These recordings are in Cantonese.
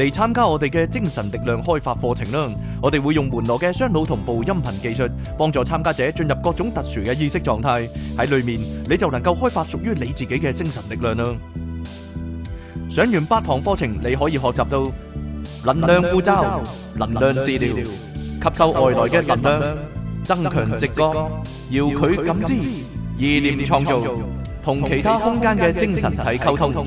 嚟參加我哋嘅精神力量開發課程啦！我哋會用門羅嘅雙腦同步音頻技術，幫助參加者進入各種特殊嘅意識狀態。喺裡面你就能夠開發屬於你自己嘅精神力量啦！上完八堂課程，你可以學習到能量呼召、能量治療、吸收外來嘅能量、增強直覺、遙距感知、意念創造、同其他空間嘅精神體溝通。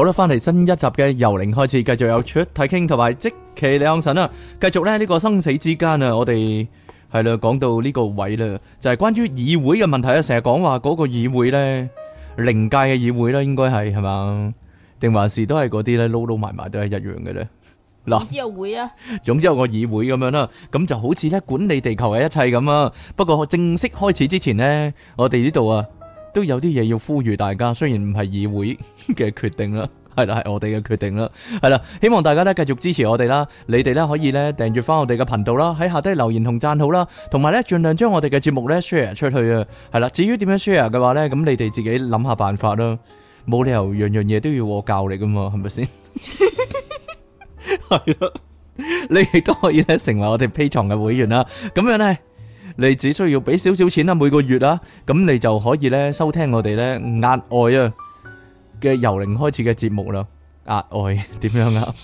好啦，翻嚟新一集嘅由零開始，繼續有出太傾同埋積奇兩神啦，繼續咧呢個生死之間啊，我哋係啦講到呢個位啦，就係關於議會嘅問題啊，成日講話嗰個議會咧，靈界嘅議會啦，應該係係嘛，定還是都係嗰啲咧，撈撈埋埋都係一樣嘅咧。嗱，總之有個議會啊，總之有個議會咁樣啦，咁就好似咧管理地球嘅一切咁啊。不過正式開始之前呢，我哋呢度啊。都有啲嘢要呼籲大家，雖然唔係議會嘅決定啦，係啦，係我哋嘅決定啦，係啦，希望大家咧繼續支持我哋啦，你哋咧可以咧訂閱翻我哋嘅頻道啦，喺下低留言同讚好啦，同埋咧盡量將我哋嘅節目咧 share 出去啊，係啦，至於點樣 share 嘅話咧，咁你哋自己諗下辦法啦，冇理由樣樣嘢都要我教你噶嘛，係咪先？係啦， 你亦都可以咧成為我哋 P 重嘅會員啦，咁樣咧。你只需要俾少少錢啦，每個月啦，咁你就可以咧收聽我哋咧額外啊嘅由零開始嘅節目啦。額外點樣啊？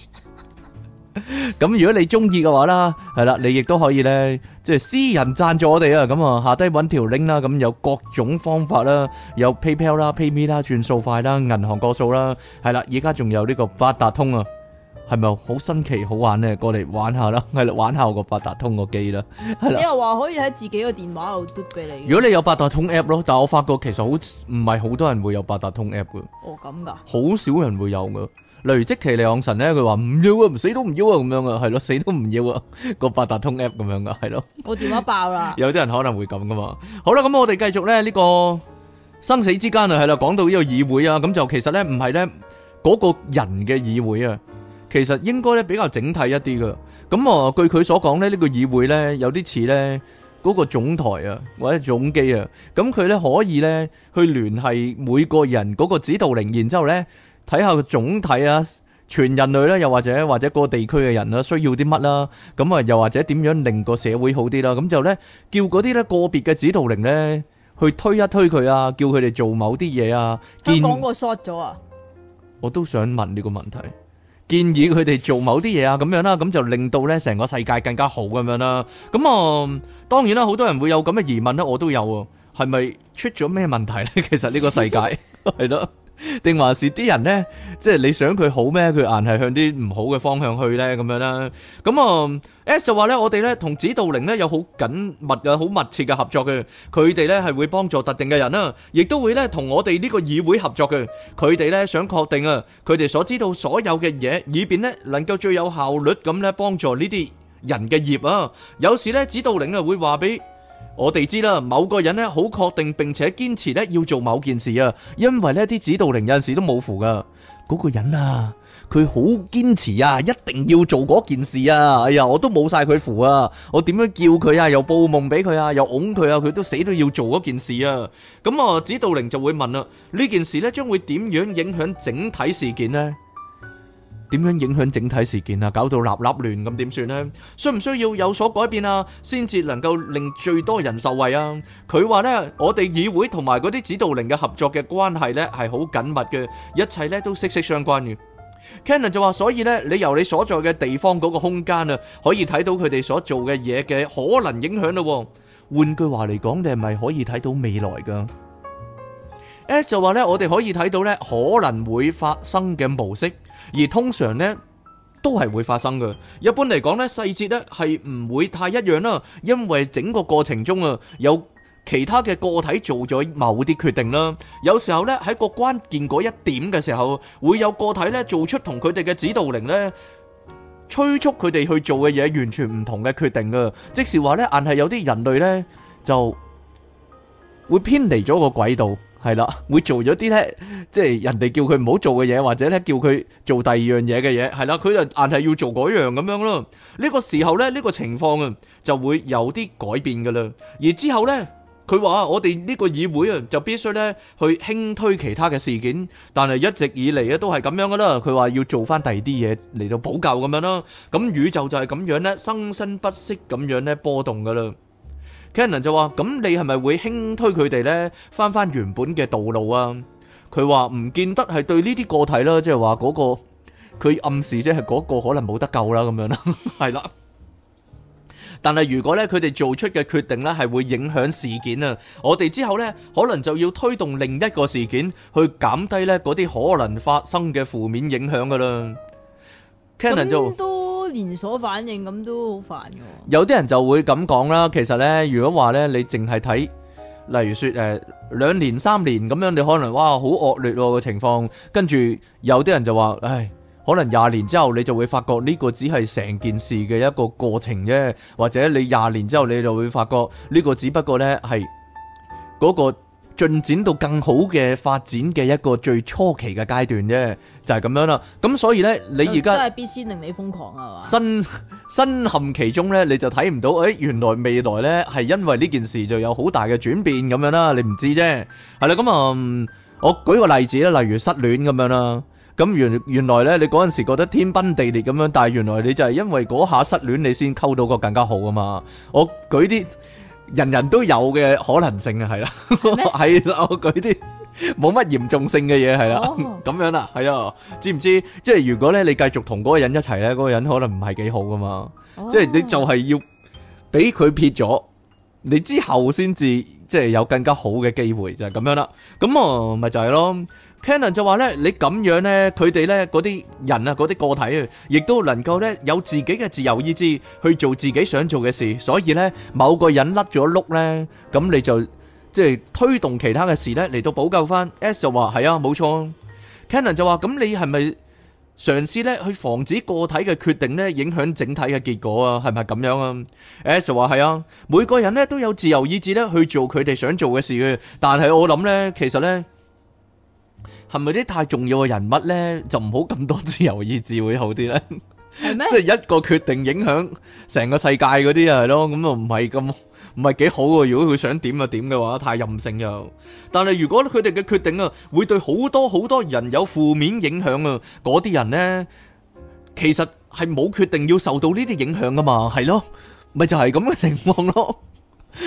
咁如果你中意嘅話啦，係啦，你亦都可以咧即係私人贊助我哋啊。咁啊，下低搵條 link 啦，咁有各種方法啦，有 PayPal 啦、PayMe 啦、轉數快啦、銀行個數啦，係啦，而家仲有呢個八達通啊。係咪好新奇好玩咧？過嚟玩下啦，係啦，玩下我個八達通個機啦，係啦。你又話可以喺自己個電話度嘟俾你。如果你有八達通 app 咯，但係我發覺其實好唔係好多人會有八達通 app 噶。哦，咁噶。好少人會有噶，例如即其你講神咧，佢話唔要啊，唔死都唔要啊，咁樣啊，係咯，死都唔要啊，個八達通 app 咁樣噶，係咯。我電話爆啦。有啲人可能會咁噶嘛。好啦，咁我哋繼續咧呢個生死之間啊，係啦，講到呢個議會啊，咁就其實咧唔係咧嗰個人嘅議會啊。其實應該咧比較整體一啲噶咁啊，據佢所講咧，呢個議會咧有啲似咧嗰個總台啊，或者總機啊，咁佢咧可以咧去聯繫每個人嗰個指導靈，然之後咧睇下個總體啊，全人類咧，又或者或者個地區嘅人啦，需要啲乜啦，咁啊，又或者點樣令個社會好啲啦，咁就咧叫嗰啲咧個別嘅指導靈咧去推一推佢啊，叫佢哋做某啲嘢啊。見香港個 short 咗啊！我都想問呢個問題。建議佢哋做某啲嘢啊，咁樣啦，咁就令到咧成個世界更加好咁樣啦。咁、嗯、啊，當然啦，好多人會有咁嘅疑問啦，我都有，啊，係咪出咗咩問題咧？其實呢個世界係咯。 定還是啲人咧，即係你想佢好咩？佢硬係向啲唔好嘅方向去咧，咁樣啦。咁啊，S 就話咧，我哋咧同指導靈咧有好緊密啊、好密切嘅合作嘅。佢哋咧係會幫助特定嘅人啊，亦都會咧同我哋呢個議會合作嘅。佢哋咧想確定啊，佢哋所知道所有嘅嘢，以便咧能夠最有效率咁咧幫助呢啲人嘅業啊。有時咧，指導靈啊會話俾。我哋知啦，某個人咧好確定並且堅持咧要做某件事啊，因為呢啲指導靈有陣時都冇符噶。嗰個人啊，佢好堅持啊，一定要做嗰件事啊。哎呀，我都冇晒佢符啊，我點樣叫佢啊，又報夢俾佢啊，又㧬佢啊，佢都死都要做嗰件事啊。咁啊，指導靈就會問啦，「呢件事呢，將會點樣影響整體事件呢？」點樣影響整體事件啊？搞到立立亂咁點算呢？需唔需要有所改變啊？先至能夠令最多人受惠啊？佢話呢，我哋議會同埋嗰啲指導靈嘅合作嘅關係呢，係好緊密嘅，一切呢都息息相關嘅。Cannon 就話，所以呢，你由你所在嘅地方嗰個空間啊，可以睇到佢哋所做嘅嘢嘅可能影響咯。換句話嚟講，你係咪可以睇到未來噶？S 就話呢，我哋可以睇到呢，可能會發生嘅模式。.而通常呢都係會發生嘅。一般嚟講呢，細節呢係唔會太一樣啦，因為整個過程中啊，有其他嘅個體做咗某啲決定啦。有時候呢，喺個關鍵嗰一點嘅時候，會有個體呢做出同佢哋嘅指導靈呢，催促佢哋去做嘅嘢完全唔同嘅決定嘅。即是話呢，硬係有啲人類呢，就會偏離咗個軌道。係啦，會做咗啲咧，即係人哋叫佢唔好做嘅嘢，或者咧叫佢做第二樣嘢嘅嘢，係啦，佢就硬係要做嗰樣咁樣咯。呢個時候咧，呢個情況啊，就會有啲改變噶啦。而之後咧，佢話我哋呢個議會啊，就必須咧去輕推其他嘅事件，但係一直以嚟咧都係咁樣噶啦。佢話要做翻第二啲嘢嚟到補救咁樣咯。咁宇宙就係咁樣咧，生生不息咁樣咧波動噶啦。Kenan 就話：咁你係咪會輕推佢哋呢翻翻原本嘅道路啊？佢話唔見得係對呢啲個體啦，即係話嗰個佢暗示即係嗰個可能冇得救啦咁樣啦，係啦。但係如果呢佢哋做出嘅決定呢係會影響事件啊，我哋之後呢可能就要推動另一個事件去減低呢嗰啲可能發生嘅負面影響噶啦。Kenan 就。連鎖反應咁都好煩嘅，有啲人就會咁講啦。其實呢，如果話呢，你淨係睇，例如說誒，兩年三年咁樣，你可能哇好惡劣個情況。跟住有啲人就話，唉，可能廿年之後，你就會發覺呢個只係成件事嘅一個過程啫。或者你廿年之後，你就會發覺呢個只不過呢係嗰個。進展到更好嘅發展嘅一個最初期嘅階段啫，就係、是、咁樣啦。咁所以呢，你而家都係必先令你瘋狂啊嘛！身陷其中呢，你就睇唔到，誒、哎、原來未來呢，係因為呢件事就有好大嘅轉變咁樣啦。你唔知啫，係啦。咁、嗯、啊，我舉個例子啦，例如失戀咁樣啦。咁原原來呢，你嗰陣時覺得天崩地裂咁樣，但係原來你就係因為嗰下失戀，你先溝到個更加好啊嘛。我舉啲。人人都有嘅可能性啊，係啦，係啦，我舉啲冇乜嚴重性嘅嘢，係啦，咁樣啦，係啊，知唔知？即係如果咧，你繼續同嗰個人一齊咧，嗰、嗰個人可能唔係幾好噶嘛，oh. 即係你就係要俾佢撇咗，你之後先至即係有更加好嘅機會就係咁樣啦、啊，咁啊咪就係咯。Canon 就話咧，你咁樣咧，佢哋咧嗰啲人啊，嗰啲個體啊，亦都能夠咧有自己嘅自由意志去做自己想做嘅事。所以咧，某個人甩咗碌咧，咁你就即係推動其他嘅事咧嚟到補救翻。S 就話係啊，冇錯。Canon 就話咁你係咪嘗試咧去防止個體嘅決定咧影響整體嘅結果啊？係咪咁樣啊？S 話係啊，每個人咧都有自由意志咧去做佢哋想做嘅事嘅，但係我諗咧，其實咧。係咪啲太重要嘅人物呢？就唔好咁多自由意志會好啲呢？即係嗎 一個決定影響成個世界嗰啲啊，係咯，咁又唔係咁唔係幾好。如果佢想點就點嘅話，太任性又。但係如果佢哋嘅決定啊，會對好多好多人有負面影響啊，嗰啲人呢，其實係冇決定要受到呢啲影響噶嘛，係、就是、咯，咪就係咁嘅情況咯。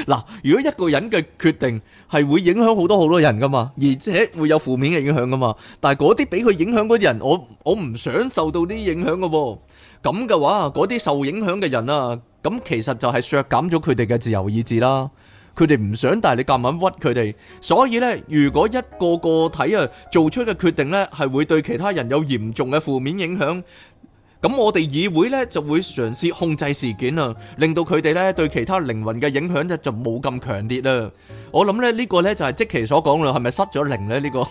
嗱，如果一個人嘅決定係會影響好多好多人噶嘛，而且會有負面嘅影響噶嘛，但係嗰啲俾佢影響啲人，我我唔想受到啲影響噶喎，咁嘅話嗰啲受影響嘅人啊，咁其實就係削減咗佢哋嘅自由意志啦，佢哋唔想，但係你夾硬屈佢哋，所以呢，如果一個個體啊做出嘅決定呢，係會對其他人有嚴重嘅負面影響。咁我哋議會咧就會嘗試控制事件啊，令到佢哋咧對其他靈魂嘅影響咧就冇咁強烈啦。我諗咧呢個咧就係即其所講啦，係咪失咗靈咧呢個？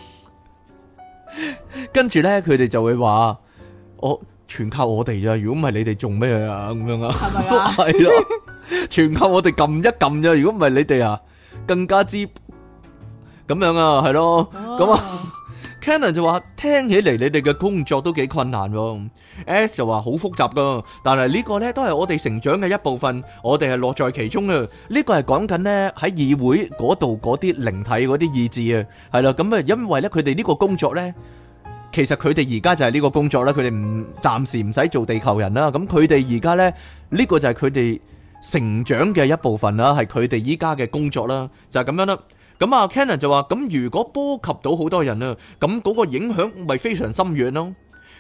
跟住咧佢哋就會話：我全靠我哋咋？如果唔係你哋做咩啊？咁樣啊？係咪啊？係咯，全靠我哋撳一撳咋？如果唔係你哋啊，更加之咁樣啊？係咯，咁啊。Canon 就話聽起嚟你哋嘅工作都幾困難，S 就話好複雜噶，但係呢個呢都係我哋成長嘅一部分，我哋係樂在其中啊！呢個係講緊呢喺議會嗰度嗰啲靈體嗰啲意志啊，係啦，咁啊因為呢，佢哋呢個工作呢，其實佢哋而家就係呢個工作啦，佢哋唔暫時唔使做地球人啦，咁佢哋而家呢，呢個就係佢哋成長嘅一部分啦，係佢哋依家嘅工作啦，就係咁樣啦。咁啊 Cannon 就話：咁如果波及到好多人啊，咁嗰個影響咪非常深遠咯。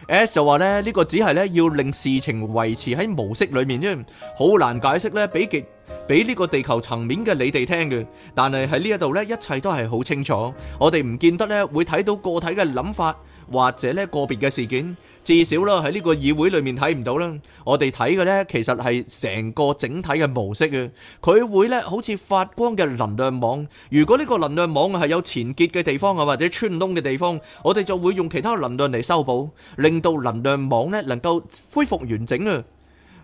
S 就話咧：呢、呢個只係咧要令事情維持喺模式裡面啫，好難解釋咧，比極。俾呢個地球層面嘅你哋聽嘅，但係喺呢一度咧，一切都係好清楚。我哋唔見得咧會睇到個體嘅諗法，或者咧個別嘅事件。至少啦，喺呢個議會裏面睇唔到啦。我哋睇嘅咧，其實係成個整體嘅模式啊。佢會咧好似發光嘅能量網。如果呢個能量網係有纏結嘅地方啊，或者穿窿嘅地方，我哋就會用其他能量嚟修補，令到能量網咧能夠恢復完整啊。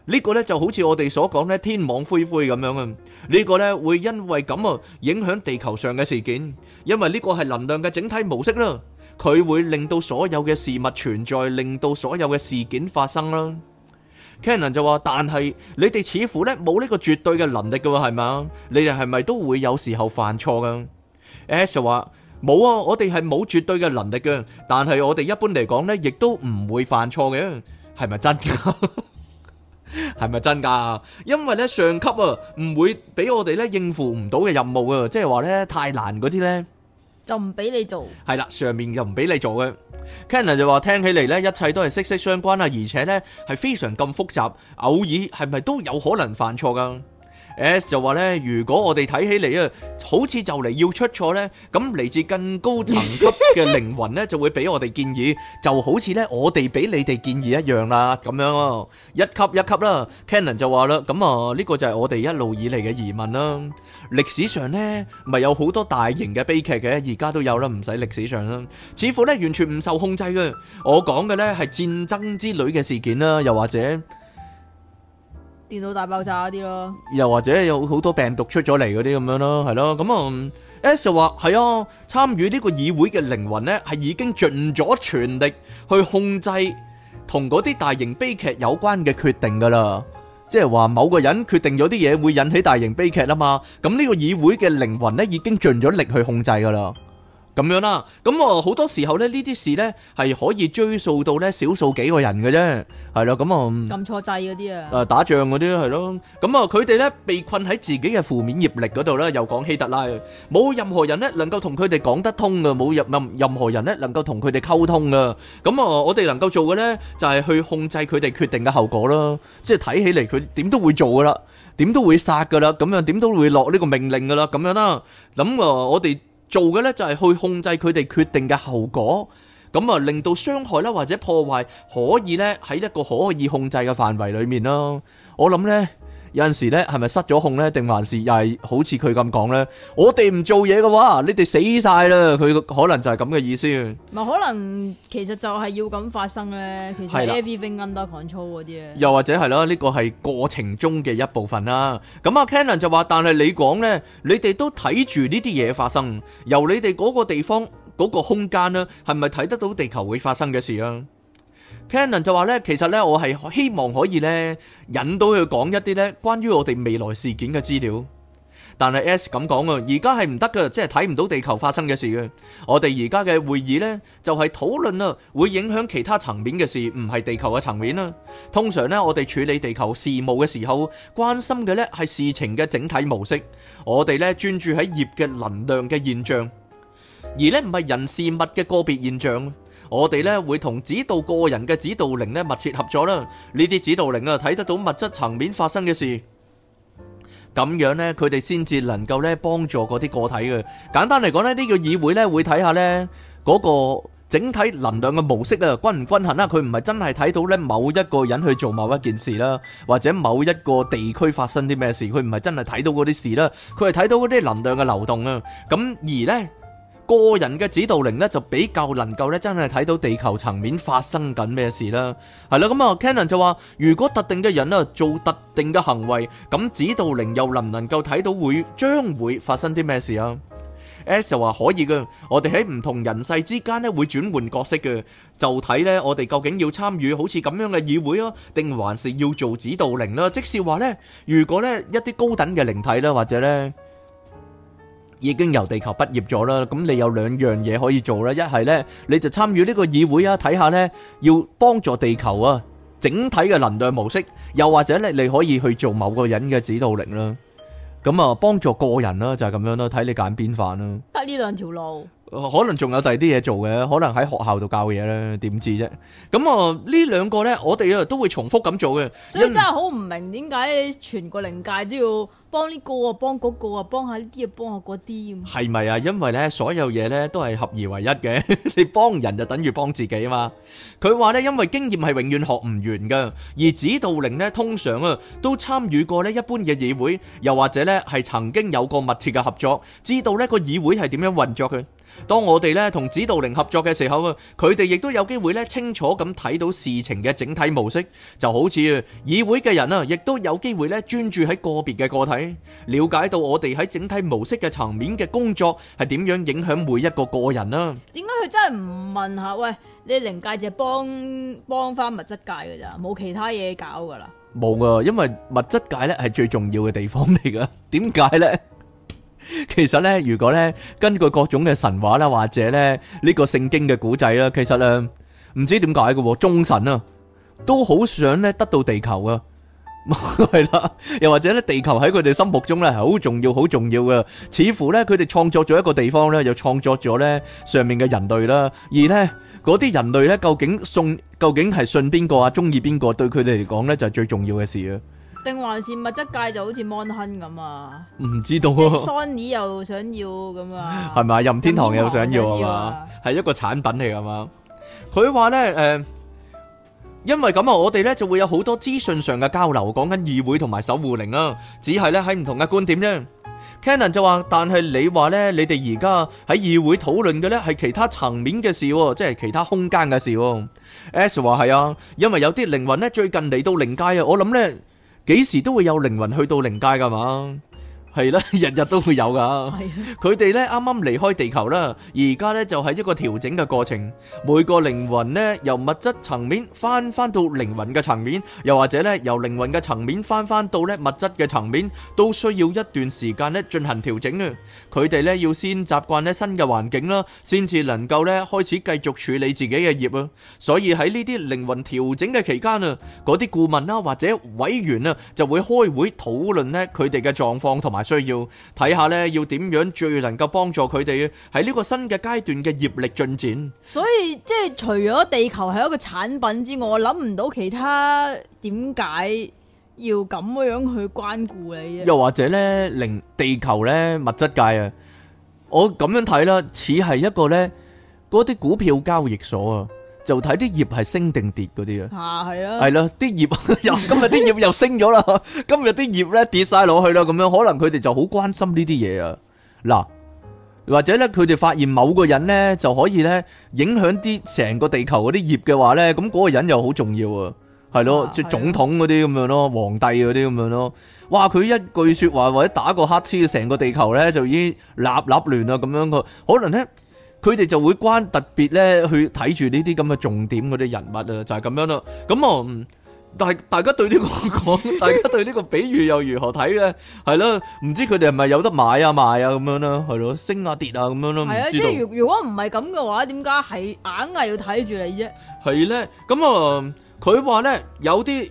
呢個咧就好似我哋所講咧天網恢恢咁樣啊！呢個咧會因為咁啊影響地球上嘅事件，因為呢個係能量嘅整體模式啦，佢會令到所有嘅事物存在，令到所有嘅事件發生啦。Cannon 就話：但係你哋似乎咧冇呢個絕對嘅能力噶，係嘛？你哋係咪都會有時候犯錯噶？Ash 話：冇啊，我哋係冇絕對嘅能力噶，但係我哋一般嚟講咧，亦都唔會犯錯嘅，係咪真噶？係咪真噶？因為咧上級啊，唔會俾我哋咧應付唔到嘅任務啊，即係話咧太難嗰啲咧，就唔俾你做。係啦，上面就唔俾你做嘅。Kenan 就話，聽起嚟咧，一切都係息息相關啊，而且咧係非常咁複雜，偶爾係咪都有可能犯錯噶？S, S 就話咧，如果我哋睇起嚟啊，好似就嚟要出錯呢，咁嚟自更高層級嘅靈魂呢，就會俾我哋建議， 就好似呢，我哋俾你哋建議一樣啦，咁樣咯、啊，一級一級啦。Canon 就話啦，咁啊呢、呢個就係我哋一路以嚟嘅疑問啦。歷史上呢，咪有好多大型嘅悲劇嘅，而家都有啦，唔使歷史上啦，似乎呢，完全唔受控制嘅。我講嘅呢，係戰爭之類嘅事件啦，又或者，電腦大爆炸啲咯，又或者有好多病毒出咗嚟嗰啲咁樣咯，係咯。咁啊，S 就話係啊，參與呢個議會嘅靈魂咧，係已經盡咗全力去控制同嗰啲大型悲劇有關嘅決定噶啦，即係話某個人決定咗啲嘢會引起大型悲劇啊嘛，咁呢個議會嘅靈魂咧已經盡咗力去控制噶啦。咁樣啦，咁啊好多時候咧，呢啲事咧係可以追溯到咧少數幾個人嘅啫，係啦，咁啊撳錯掣嗰啲啊，誒打仗嗰啲係咯，咁啊佢哋咧被困喺自己嘅負面業力嗰度咧，又講希特拉，冇任何人咧能夠同佢哋講得通噶，冇任任任何人咧能夠同佢哋溝通噶，咁啊我哋能夠做嘅咧就係去控制佢哋決定嘅後果咯，即係睇起嚟佢點都會做噶啦，點都會殺噶啦，咁樣點都會落呢個命令噶啦，咁樣啦，咁啊我哋。做嘅咧就係去控制佢哋決定嘅後果，咁啊令到傷害啦，或者破壞可以咧喺一個可以控制嘅範圍裏面咯。我諗咧。有陣時咧，係咪失咗控咧？定還是又係好似佢咁講咧？我哋唔做嘢嘅話，你哋死曬啦！佢可能就係咁嘅意思。咪可能其實就係要咁發生咧？其實 everything under control 嗰啲咧，又或者係咯，呢個係過程中嘅一部分啦。咁啊，Cannon 就話，但係你講咧，你哋都睇住呢啲嘢發生，由你哋嗰個地方嗰個空間咧，係咪睇得到地球會發生嘅事啊？Canon 就話呢，其實呢我係希望可以呢引到佢講一啲呢關於我哋未來事件嘅資料，但係 S 咁講啊，而家係唔得噶，即係睇唔到地球發生嘅事嘅。我哋而家嘅會議呢，就係討論啊，會影響其他層面嘅事，唔係地球嘅層面啊。通常呢，我哋處理地球事務嘅時候，關心嘅呢係事情嘅整體模式，我哋呢，專注喺業嘅能量嘅現象，而呢，唔係人事物嘅個別現象。我哋咧會同指導個人嘅指導靈咧密切合作啦，呢啲指導靈啊睇得到物質層面發生嘅事，咁樣咧佢哋先至能夠咧幫助嗰啲個體嘅。簡單嚟講咧，呢個議會咧會睇下咧嗰個整體能量嘅模式啊均唔均衡啦。佢唔係真係睇到咧某一個人去做某一件事啦，或者某一個地區發生啲咩事，佢唔係真係睇到嗰啲事啦，佢係睇到嗰啲能量嘅流動啊。咁而咧。個人嘅指導靈呢，就比較能夠呢，真係睇到地球層面發生緊咩事啦。係啦，咁啊，Canon 就話：如果特定嘅人呢做特定嘅行為，咁指導靈又能唔能夠睇到會將會發生啲咩事啊？S 就話可以嘅，我哋喺唔同人世之間呢會轉換角色嘅，就睇呢，我哋究竟要參與好似咁樣嘅議會咯，定還是要做指導靈啦？即使話呢，如果呢一啲高等嘅靈體呢，或者呢……已經由地球畢業咗啦，咁你有兩樣嘢可以做啦，一係呢，你就參與呢個議會啊，睇下呢要幫助地球啊整體嘅能量模式，又或者咧你可以去做某個人嘅指導力啦，咁、嗯、啊幫助個人啦，就係、是、咁樣啦，睇你揀邊範啦。得呢兩條路，可能仲有第二啲嘢做嘅，可能喺學校度教嘢咧，點知啫？咁啊呢兩個呢，我哋都會重複咁做嘅，所以真係好唔明點解全個靈界都要。幫呢個啊，幫嗰個啊，幫下呢啲啊，幫下嗰啲。係咪啊？因為呢，所有嘢呢都係合而為一嘅。 你幫人就等於幫自己啊嘛。佢話呢，因為經驗係永遠學唔完噶，而指導靈呢，通常啊都參與過呢一般嘅議會，又或者呢，係曾經有過密切嘅合作，知道呢個議會係點樣運作嘅。當我哋呢同指導靈合作嘅時候啊，佢哋亦都有機會呢清楚咁睇到事情嘅整體模式，就好似議會嘅人啊，亦都有機會呢專注喺個別嘅個體。了解到我哋喺整體模式嘅層面嘅工作係點樣影響每一個個人啊？點解佢真係唔問下？喂，你靈界淨係幫幫翻物質界噶咋？冇其他嘢搞噶啦？冇啊，因為物質界咧係最重要嘅地方嚟噶。點解咧？其實咧，如果咧根據各種嘅神話啦，或者咧呢個聖經嘅古仔啦，其實咧唔知點解嘅，眾神啊都好想咧得到地球啊。係啦， 又或者咧，地球喺佢哋心目中咧，係好重要、好重要嘅。似乎咧，佢哋創作咗一個地方咧，又創作咗咧上面嘅人類啦。而呢，嗰啲人類咧，究竟信究竟係信邊個啊？中意邊個？對佢哋嚟講咧，就係最重要嘅事啊！定還是物質界就好似 Monhun 咁啊？唔知道、啊。Sony 又想要咁啊？係咪任天堂又想要啊？係一個產品嚟噶嘛？佢話咧，誒、呃。因為咁啊，我哋咧就會有好多資訊上嘅交流，講緊議會同埋守護靈啊，只係咧喺唔同嘅觀點啫。Canon 就話，但係你話咧，你哋而家喺議會討論嘅咧係其他層面嘅事，即係其他空間嘅事。Ash 話係啊，因為有啲靈魂咧最近嚟到靈界啊，我諗咧幾時都會有靈魂去到靈界㗎嘛。係啦，日日都會有㗎。佢哋咧啱啱離開地球啦，而而家咧就係一個調整嘅過程。每個靈魂咧由物質層面翻翻到靈魂嘅層面，又或者咧由靈魂嘅層面翻翻到咧物質嘅層面，都需要一段時間咧進行調整啊。佢哋咧要先習慣咧新嘅環境啦，先至能夠咧開始繼續處理自己嘅業啊。所以喺呢啲靈魂調整嘅期間啊，嗰啲顧問啦或者委員啊就會開會討論咧佢哋嘅狀況同埋。需要睇下咧，要點樣最能夠幫助佢哋喺呢個新嘅階段嘅業力進展。所以即係除咗地球係一個產品之外，我諗唔到其他點解要咁樣去關顧你啫。又或者咧，令地球咧物質界啊，我咁樣睇啦，似係一個咧嗰啲股票交易所啊。就睇啲葉係升定跌嗰啲啊，係咯、啊，係咯，啲葉又今日啲葉又升咗啦， 今日啲葉咧跌晒落去啦，咁樣可能佢哋就好關心呢啲嘢啊。嗱，或者咧，佢哋發現某個人咧就可以咧影響啲成個地球嗰啲葉嘅話咧，咁、那、嗰個人又好重要啊，係咯、啊，即係、啊、總統嗰啲咁樣咯，皇帝嗰啲咁樣咯，哇！佢一句説話或者打個乞嗤，成個地球咧就已經立立亂啦咁樣，佢可能咧。佢哋就會關特別咧去睇住呢啲咁嘅重點嗰啲人物啊，就係咁樣咯。咁啊，但係大家對呢個講，大家對呢個比喻又如何睇咧？係咯，唔知佢哋係咪有得買啊賣啊咁樣咯？係咯，升啊跌啊咁樣咯。係啊，即係如如果唔係咁嘅話，點解係硬係要睇住你啫？係咧，咁啊，佢話咧有啲。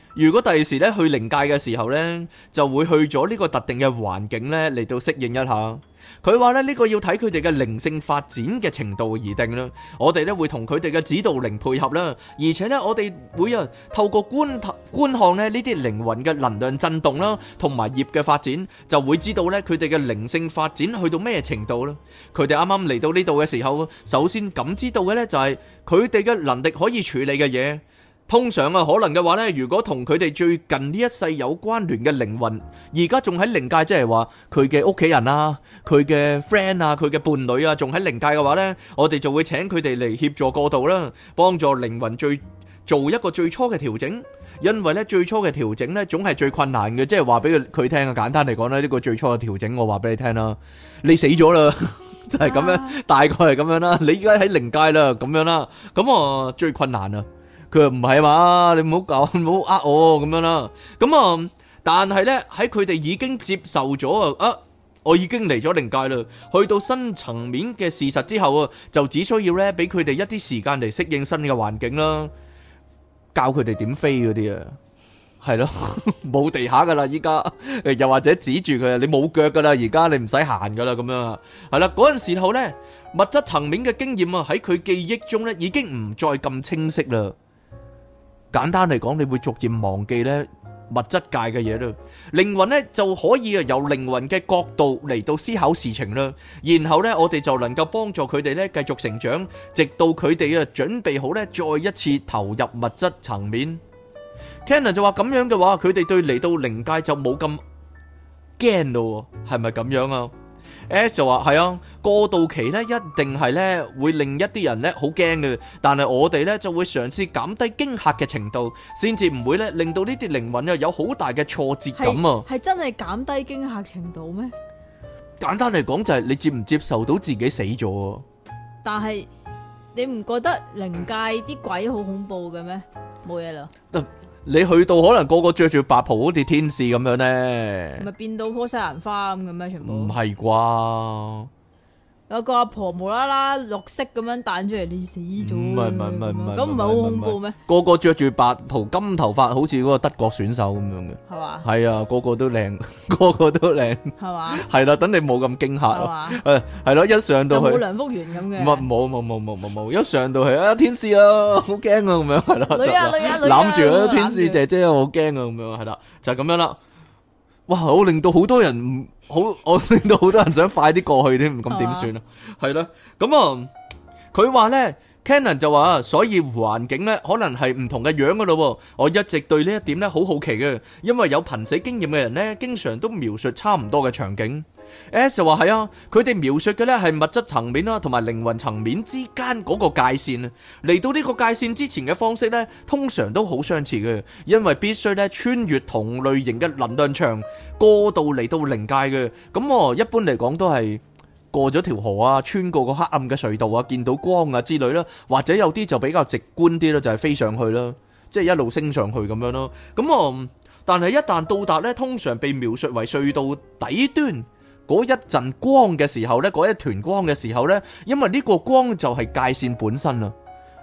如果第時咧去靈界嘅時候呢，就會去咗呢個特定嘅環境呢，嚟到適應一下。佢話呢，呢個要睇佢哋嘅靈性發展嘅程度而定啦。我哋呢，會同佢哋嘅指導靈配合啦，而且呢，我哋每日透過觀觀看咧呢啲靈魂嘅能量震動啦，同埋業嘅發展，就會知道呢，佢哋嘅靈性發展去到咩程度啦。佢哋啱啱嚟到呢度嘅時候，首先感知到嘅呢，就係佢哋嘅能力可以處理嘅嘢。通常啊，可能嘅話咧，如果同佢哋最近呢一世有關聯嘅靈魂，而家仲喺靈界，即係話佢嘅屋企人啊，佢嘅 friend 啊，佢嘅伴侶啊，仲喺靈界嘅話咧，我哋就會請佢哋嚟協助過渡啦，幫助靈魂最做一個最初嘅調整。因為咧最初嘅調整咧，總係最困難嘅，即係話俾佢佢聽啊。簡單嚟講咧，呢個最初嘅調整，我話俾你聽啦。你死咗啦，就係咁樣，大概係咁樣啦。你而家喺靈界啦，咁樣啦，咁啊最困難啊。佢話唔係嘛？你唔好搞，唔好呃我咁樣啦。咁啊，但係呢，喺佢哋已經接受咗啊，我已經嚟咗靈界啦，去到新層面嘅事實之後啊，就只需要呢俾佢哋一啲時間嚟適應新嘅環境啦，教佢哋點飛嗰啲啊，係咯，冇地下㗎喇依家，又或者指住佢啊，你冇腳㗎喇，而家你唔使行㗎喇咁樣啊，係啦，嗰陣時候呢，物質層面嘅經驗啊，喺佢記憶中呢已經唔再咁清晰啦。簡單嚟講，你會逐漸忘記呢物質界嘅嘢咯，靈魂呢就可以啊由靈魂嘅角度嚟到思考事情啦，然後呢我哋就能夠幫助佢哋呢繼續成長，直到佢哋啊準備好呢再一次投入物質層面。Ken 就話咁樣嘅話，佢哋對嚟到靈界就冇咁驚咯，係咪咁樣啊？S 就話係啊，過渡期咧，一定係咧，會令一啲人咧好驚嘅。但係我哋咧就會嘗試減低驚嚇嘅程度，先至唔會咧令到呢啲靈魂咧有好大嘅挫折感啊！係真係減低驚嚇程度咩？簡單嚟講就係你接唔接受到自己死咗？啊。但係你唔覺得靈界啲鬼好恐怖嘅咩？冇嘢啦。呃你去到可能個個着住白袍，好似天使咁樣咧，係咪變到棵西蘭花咁樣？全部唔係啩？有個阿婆無啦啦綠色咁、嗯、蛋樣彈出嚟，你死咗啊！唔係唔係唔係，咁唔係好恐怖咩？個個着住白袍、金頭髮，好似嗰個德國選手咁樣嘅，係嘛嗎？係啊，個個都靚，個個都靚，係嘛吧？係啦， 等你冇咁驚吓咯，誒吧，係咯，一上到去都冇兩幅圓咁嘅。唔係冇冇冇冇冇冇， 一上到去啊，天使啊，好驚啊咁樣，係咯就攬住啊，天使姐姐好驚啊咁、就是、樣，係啦就咁樣啦。哇！我令到好多人唔～好，我令到好多人想快啲過去添，咁點算啊？係咯，咁、嗯、啊，佢話呢 Canon 就話所以環境呢，可能係唔同嘅樣噶咯。我一直對呢一點呢，好好奇嘅，因為有瀕死經驗嘅人呢，經常都描述差唔多嘅場景。S 就話係啊，佢哋描述嘅呢係物質層面啦，同埋靈魂層面之間嗰個界線。嚟到呢個界線之前嘅方式呢，通常都好相似嘅，因為必須呢穿越同類型嘅能量場，過渡嚟到靈界嘅。咁我一般嚟講都係過咗條河啊，穿過個黑暗嘅隧道啊，見到光啊之類啦，或者有啲就比較直觀啲啦，就係、是、飛上去啦，即、就、係、是、一路升上去咁樣咯。咁啊，但係一旦到達呢，通常被描述為隧道底端。嗰一陣光嘅時候呢，嗰一團光嘅時候呢，因為呢個光就係界線本身啦。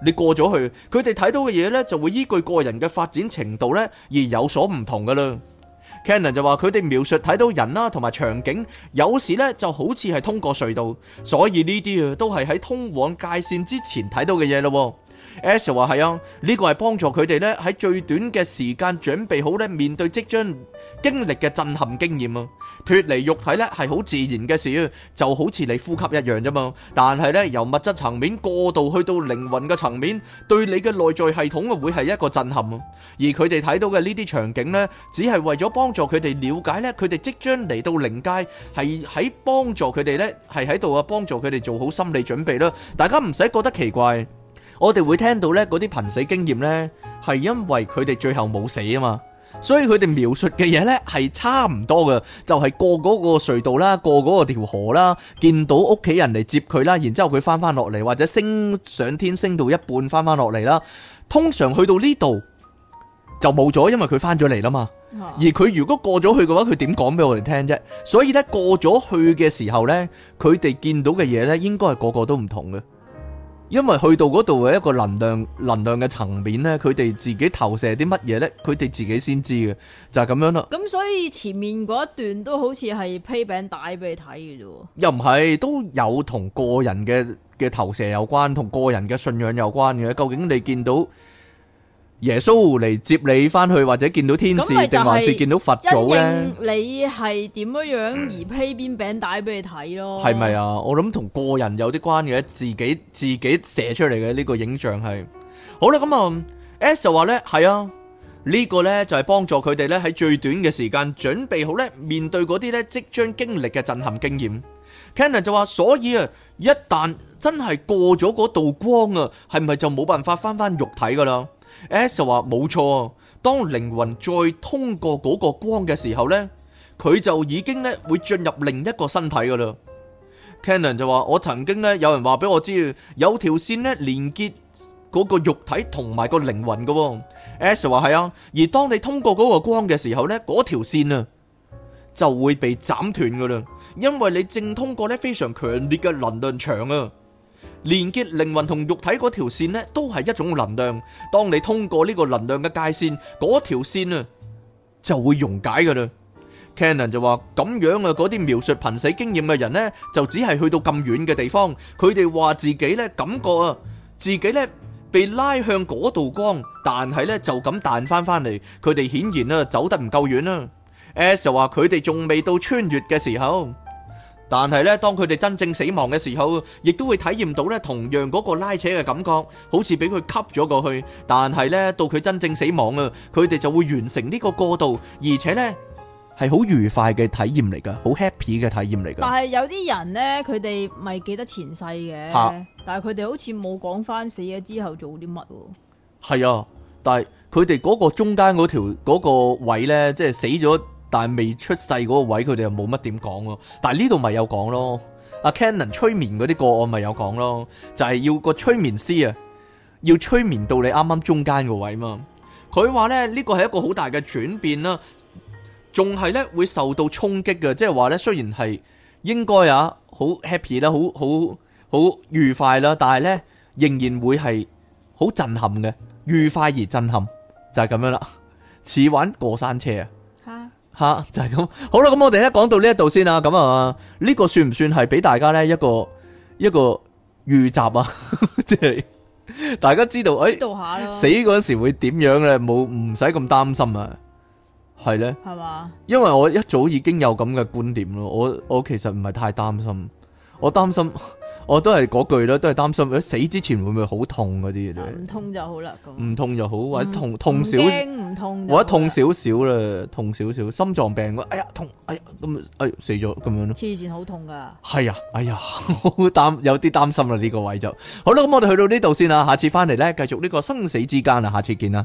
你過咗去，佢哋睇到嘅嘢呢，就會依據個人嘅發展程度呢而有所唔同㗎啦。Cannon 就話佢哋描述睇到人啦，同埋場景，有時呢就好似係通過隧道，所以呢啲啊都係喺通往界線之前睇到嘅嘢咯。S 話係啊，呢個係幫助佢哋咧喺最短嘅時間準備好咧，面對即將經歷嘅震撼經驗啊。脫離肉體咧係好自然嘅事啊，就好似你呼吸一樣啫嘛。但係咧由物質層面過度去到靈魂嘅層面，對你嘅內在系統啊會係一個震撼啊。而佢哋睇到嘅呢啲場景咧，只係為咗幫助佢哋了解咧，佢哋即將嚟到靈界係喺幫助佢哋咧，係喺度啊幫助佢哋做好心理準備啦。大家唔使覺得奇怪。我哋會聽到咧，嗰啲瀕死經驗咧，係因為佢哋最後冇死啊嘛，所以佢哋描述嘅嘢咧係差唔多嘅，就係過嗰個隧道啦，過嗰個條河啦，見到屋企人嚟接佢啦，然之後佢翻翻落嚟，或者升上天升到一半翻翻落嚟啦。通常去到呢度就冇咗，因為佢翻咗嚟啦嘛。而佢如果過咗去嘅話，佢點講俾我哋聽啫？所以咧，過咗去嘅時候咧，佢哋見到嘅嘢咧，應該係個個都唔同嘅。因為去到嗰度嘅一個能量、能量嘅層面呢，佢哋自己投射啲乜嘢呢？佢哋自己先知嘅，就係、是、咁樣咯。咁所以前面嗰一段都好似係披餅帶俾你睇嘅啫，又唔係都有同個人嘅嘅投射有關，同個人嘅信仰有關嘅。究竟你見到？耶穌嚟接你翻去，或者見到天使，定還是見到佛祖咧？你係點樣樣而披邊餅帶俾你睇咯？係咪、嗯、啊？我諗同個人有啲關嘅，自己自己寫出嚟嘅呢個影像係。好啦，咁啊 S 就話咧，係啊，呢、這個咧就係幫助佢哋咧喺最短嘅時間準備好咧面對嗰啲咧即將經歷嘅震撼經驗。Cannon 就話，所以啊，一旦真係過咗嗰道光啊，係咪就冇辦法翻翻肉體噶啦？S 就話冇錯，當靈魂再通過嗰個光嘅時候呢，佢就已經咧會進入另一個身體噶啦。Canon 就話，我曾經咧有人話俾我知，有條線咧連結嗰個肉體同埋個靈魂噶。S 話係啊，而當你通過嗰個光嘅時候呢，嗰條線啊就會被斬斷噶啦，因為你正通過呢非常強烈嘅能量場啊。連結靈魂同肉體嗰條線咧，都係一種能量。當你通過呢個能量嘅界線，嗰條線啊就會溶解噶啦。Cannon 就話：咁樣啊，嗰啲描述瀕死經驗嘅人咧，就只係去到咁遠嘅地方。佢哋話自己咧感覺啊，自己咧被拉向嗰道光，但係咧就咁彈翻翻嚟。佢哋顯然啊走得唔夠遠啊。Ash 就話：佢哋仲未到穿越嘅時候。但係咧，當佢哋真正死亡嘅時候，亦都會體驗到咧同樣嗰個拉扯嘅感覺，好似俾佢吸咗過去。但係咧，到佢真正死亡啊，佢哋就會完成呢個過渡，而且咧係好愉快嘅體驗嚟噶，好 happy 嘅體驗嚟噶。但係有啲人咧，佢哋咪記得前世嘅，但係佢哋好似冇講翻死咗之後做啲乜。係啊，但係佢哋嗰個中間嗰條嗰個位咧，即係死咗。但係未出世嗰個位，佢哋又冇乜點講咯。但係呢度咪有講咯，阿 Cannon 催眠嗰啲個案咪有講咯，就係、是、要個催眠師啊，要催眠到你啱啱中間個位嘛。佢話咧，呢個係一個好大嘅轉變啦、啊，仲係咧會受到衝擊嘅，即係話咧雖然係應該啊，好 happy 啦，好好好愉快啦，但係咧仍然會係好震撼嘅，愉快而震撼就係、是、咁樣啦，似玩過山車啊。吓、啊、就係、是、咁好啦，咁我哋咧講到呢一度先啦，咁啊呢、這個算唔算係俾大家咧一個一個預習啊？即 係大家知道誒，哎、道下度下死嗰時會點樣咧？冇唔使咁擔心啊，係咧係嘛？吧因為我一早已經有咁嘅觀點咯，我我其實唔係太擔心。我擔心，我都係嗰句啦，都係擔心死之前會唔會好痛嗰啲嘅。唔痛就好啦，咁。唔痛就好，嗯、或者痛痛少。唔痛。或者痛少少啦，痛少少。心臟病，哎呀痛，哎呀咁，哎死咗咁樣咯。黐綫好痛噶。係啊，哎呀，好擔有啲擔心啦呢、呢個位就。好啦，咁我哋去到呢度先啦，下次翻嚟咧繼續呢個生死之間啊，下次見啦。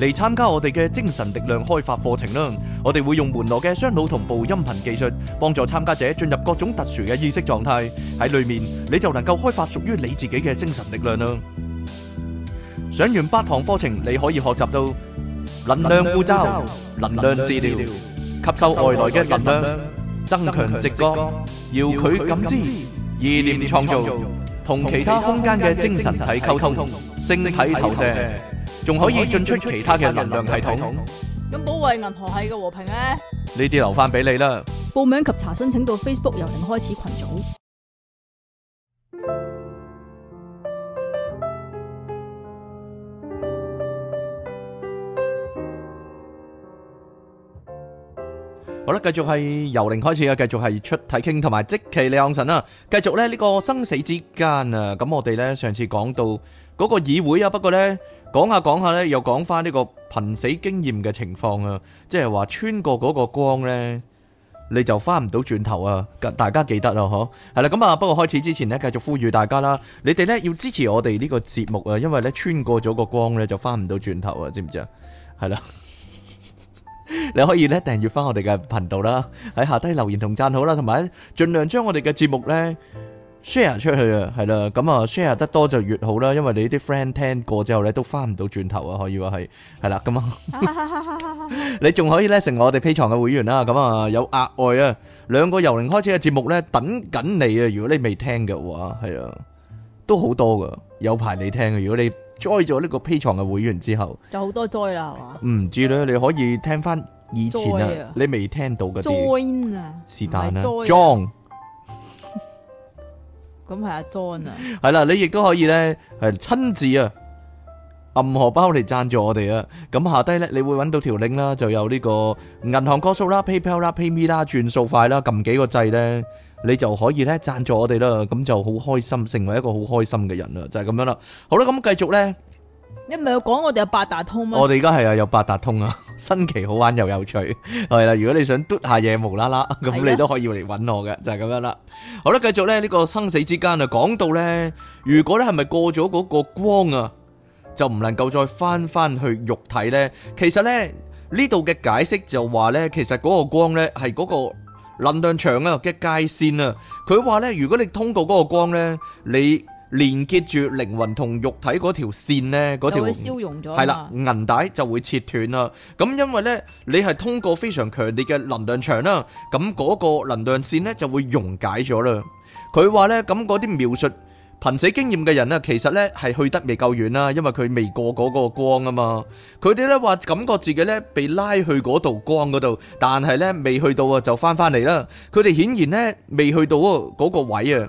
嚟參加我哋嘅精神力量開發課程啦！我哋會用門羅嘅雙腦同步音頻技術，幫助參加者進入各種特殊嘅意識狀態。喺裡面你就能夠開發屬於你自己嘅精神力量啦！上完八堂課程，你可以學習到能量護罩、能量治療、吸收外來嘅能量、增強直覺、遙距感知、意念創造、同其他空間嘅精神體溝通、星體投射。仲可，可以進出其他嘅能量系統。咁、嗯、保衛銀河系嘅和平咧？呢啲留翻俾你啦。報名及查詢請到 Facebook 由零開始群組。好啦，繼續係由零開始啊！繼續係出體傾同埋即期李昂神啊！繼續咧呢個生死之間啊！咁我哋咧，上次講到。嗰個議會啊，不過呢，講下講下呢，又講翻呢個瀕死經驗嘅情況啊，即係話穿過嗰個光呢，你就翻唔到轉頭啊！大家記得咯，嗬，係啦，咁啊，不過開始之前呢，繼續呼籲大家啦，你哋呢，要支持我哋呢個節目啊，因為呢，穿過咗個光呢，就翻唔到轉頭啊，知唔知啊？係啦， 你可以呢，訂閱翻我哋嘅頻道啦，喺下低留言同讚好啦，同埋呢，盡量將我哋嘅節目呢。share 出去啊，係啦，咁啊 share 得多就越好啦，因為你啲 friend 聽過之後咧都翻唔到轉頭啊，可以話係係啦，咁啊，你仲可以咧成為我哋 P 床嘅會員啦，咁、嗯、啊、嗯嗯、有額外啊兩個由零開始嘅節目咧等緊你啊，如果你未聽嘅話係啊都好多噶，有排你聽嘅，如果你栽咗呢個 P 床嘅會員之後，就好多 j o 啦唔知啦，你可以聽翻以前啊了你未聽到嘅 j o 啊，了便是但啊 j 咁係阿 John 啊，係啦，你亦都可以咧，係親自啊，暗荷包嚟贊助我哋啊，咁下低咧，你會揾到條 link 啦，就有呢個銀行個數啦、PayPal 啦 Pay、PayMe 啦、轉數快啦，撳幾個掣咧，你就可以咧贊助我哋啦，咁就好開心，成為一個好開心嘅人啊，就係、是、咁樣啦，好啦，咁繼續咧。你唔係要講我哋有八達通咩？我哋而家係啊有八達通啊，新奇好玩又有趣，係啦。如果你想嘟下嘢無啦啦，咁你都可以嚟揾我嘅、啊，就係咁樣啦。好啦，繼續咧呢個生死之間啊，講到咧，如果咧係咪過咗嗰個光啊，就唔能夠再翻翻去肉體咧？其實咧呢度嘅解釋就話咧，其實嗰個光咧係嗰個能量場啊嘅界線啊。佢話咧，如果你通過嗰個光咧，你。連結住靈魂同肉體嗰條線呢，嗰條係啦，銀帶就，就會切斷啦。咁因為呢，你係通過非常強烈嘅能量場啦，咁嗰個能量線呢就會溶解咗啦。佢話呢，咁嗰啲描述瀕死經驗嘅人呢，其實呢係去得未夠遠啦，因為佢未過嗰個光啊嘛。佢哋呢話感覺自己呢被拉去嗰道光嗰度，但係呢未去到啊就返返嚟。啦佢哋顯然呢未去到嗰嗰個位啊。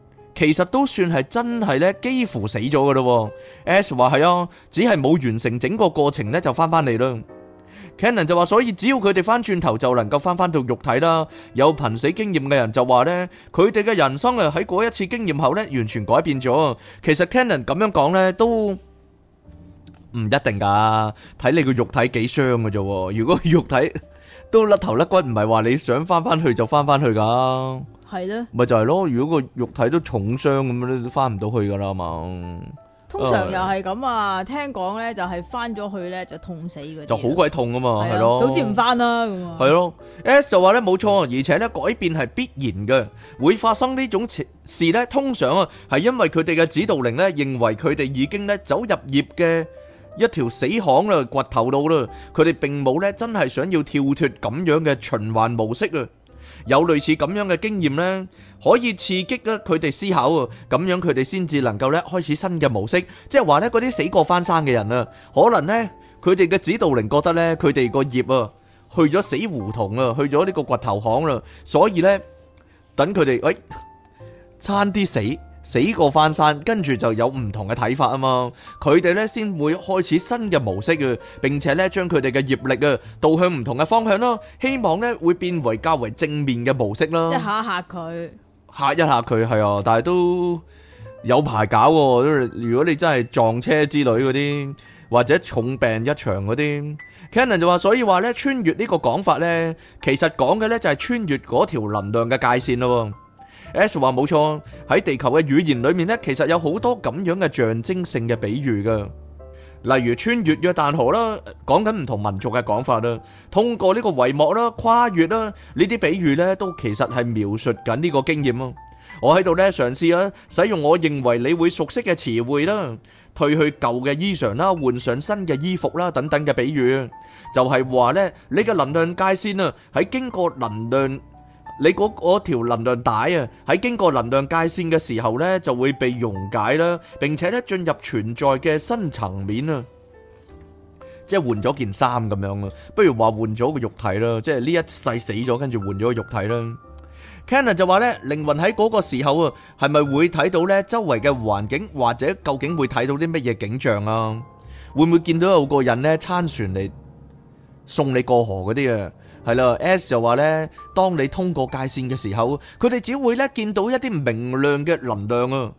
其實都算係真係咧，幾乎死咗噶咯。Ash 話係啊，只係冇完成整個過程咧，就翻翻嚟啦。Cannon 就話，所以只要佢哋翻轉頭就能夠翻翻到肉體啦。有瀕死經驗嘅人就話咧，佢哋嘅人生啊喺嗰一次經驗後咧完全改變咗。其實 Cannon 咁樣講咧都唔一定噶，睇你個肉體幾傷噶啫。如果肉體都甩頭甩骨，唔係話你想翻翻去就翻翻去噶。係咯，咪就係咯，如果個肉體都重傷咁咧，都翻唔到去噶啦嘛。通常又係咁啊，聽講咧就係翻咗去咧就痛死嗰啲，就好鬼痛啊嘛，係咯，早知唔翻啦咁啊。係咯，S 就話咧冇錯，而且咧改變係必然嘅，會發生呢種事咧，通常啊係因為佢哋嘅指導靈咧認為佢哋已經咧走入業嘅一條死巷啦，掘頭路啦，佢哋並冇咧真係想要跳脫咁樣嘅循環模式啊。有類似咁樣嘅經驗咧，可以刺激咧佢哋思考，啊。咁樣佢哋先至能夠咧開始新嘅模式。即係話咧，嗰啲死過翻生嘅人啊，可能咧佢哋嘅指導靈覺得咧，佢哋個業啊去咗死胡同啊，去咗呢個掘頭行啦，所以咧等佢哋，喂、哎，差啲死。死過翻生，跟住就有唔同嘅睇法啊嘛！佢哋咧先會開始新嘅模式啊，並且咧將佢哋嘅業力啊，導向唔同嘅方向咯，希望咧會變為較為正面嘅模式咯。即吓吓佢吓一吓佢係啊，但係都有排搞喎。如果你真係撞車之類嗰啲，或者重病一場嗰啲，Ken 就話，所以話咧穿越個呢個講法咧，其實講嘅咧就係、是、穿越嗰條能量嘅界綫咯、啊。S 話冇錯，喺地球嘅語言裏面呢，其實有好多咁樣嘅象徵性嘅比喻噶，例如穿越約旦河啦，講緊唔同民族嘅講法啦，通過呢個帷幕啦，跨越啦，呢啲比喻呢都其實係描述緊呢個經驗啊。我喺度呢，嘗試啊，使用我認為你會熟悉嘅詞彙啦，褪去舊嘅衣裳啦，換上新嘅衣服啦，等等嘅比喻，就係話呢，你嘅能量界綫啊，喺經過能量。你嗰條能量帶啊，喺經過能量界線嘅時候呢，就會被溶解啦，並且咧進入存在嘅新層面啊，即係換咗件衫咁樣啊，不如話換咗個肉體啦，即係呢一世死咗，跟住換咗個肉體啦。Cannon 就話呢靈魂喺嗰個時候啊，係咪會睇到呢周圍嘅環境，或者究竟會睇到啲乜嘢景象啊？會唔會見到有個人呢撐船嚟送你過河嗰啲啊？係啦，S 就話咧，當你通過界線嘅時候，佢哋只會咧見到一啲明亮嘅能量啊，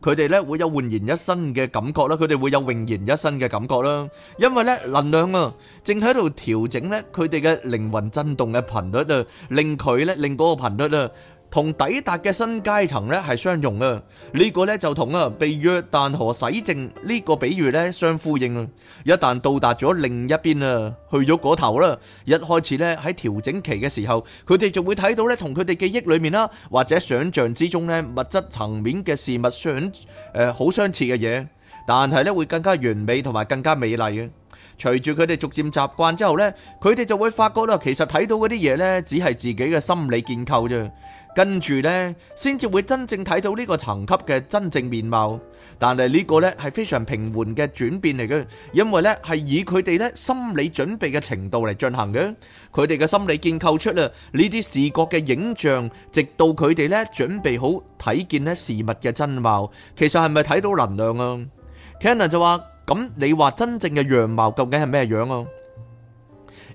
佢哋咧會有煥然一新嘅感覺啦，佢哋會有煥然一新嘅感覺啦，因為咧能量啊，正喺度調整咧佢哋嘅靈魂震動嘅頻率啊，令佢咧令嗰個頻率啊。同抵達嘅新階層咧係相容啊！呢、這個咧就同啊被約旦河洗淨呢、這個比喻咧相呼應啊！一旦到達咗另一邊啊，去咗嗰頭啦，一開始咧喺調整期嘅時候，佢哋就會睇到咧同佢哋記憶裏面啦或者想象之中咧物質層面嘅事物相誒好、呃、相似嘅嘢，但係咧會更加完美同埋更加美麗嘅。隨住佢哋逐漸習慣之後呢佢哋就會發覺啦，其實睇到嗰啲嘢呢，只係自己嘅心理建構啫。跟住呢，先至會真正睇到呢個層級嘅真正面貌。但係呢個呢，係非常平緩嘅轉變嚟嘅，因為呢係以佢哋呢心理準備嘅程度嚟進行嘅。佢哋嘅心理建構出啦呢啲視覺嘅影像，直到佢哋呢準備好睇見呢事物嘅真貌，其實係咪睇到能量啊？Kenan 就話。咁你話真正嘅樣貌究竟係咩樣啊？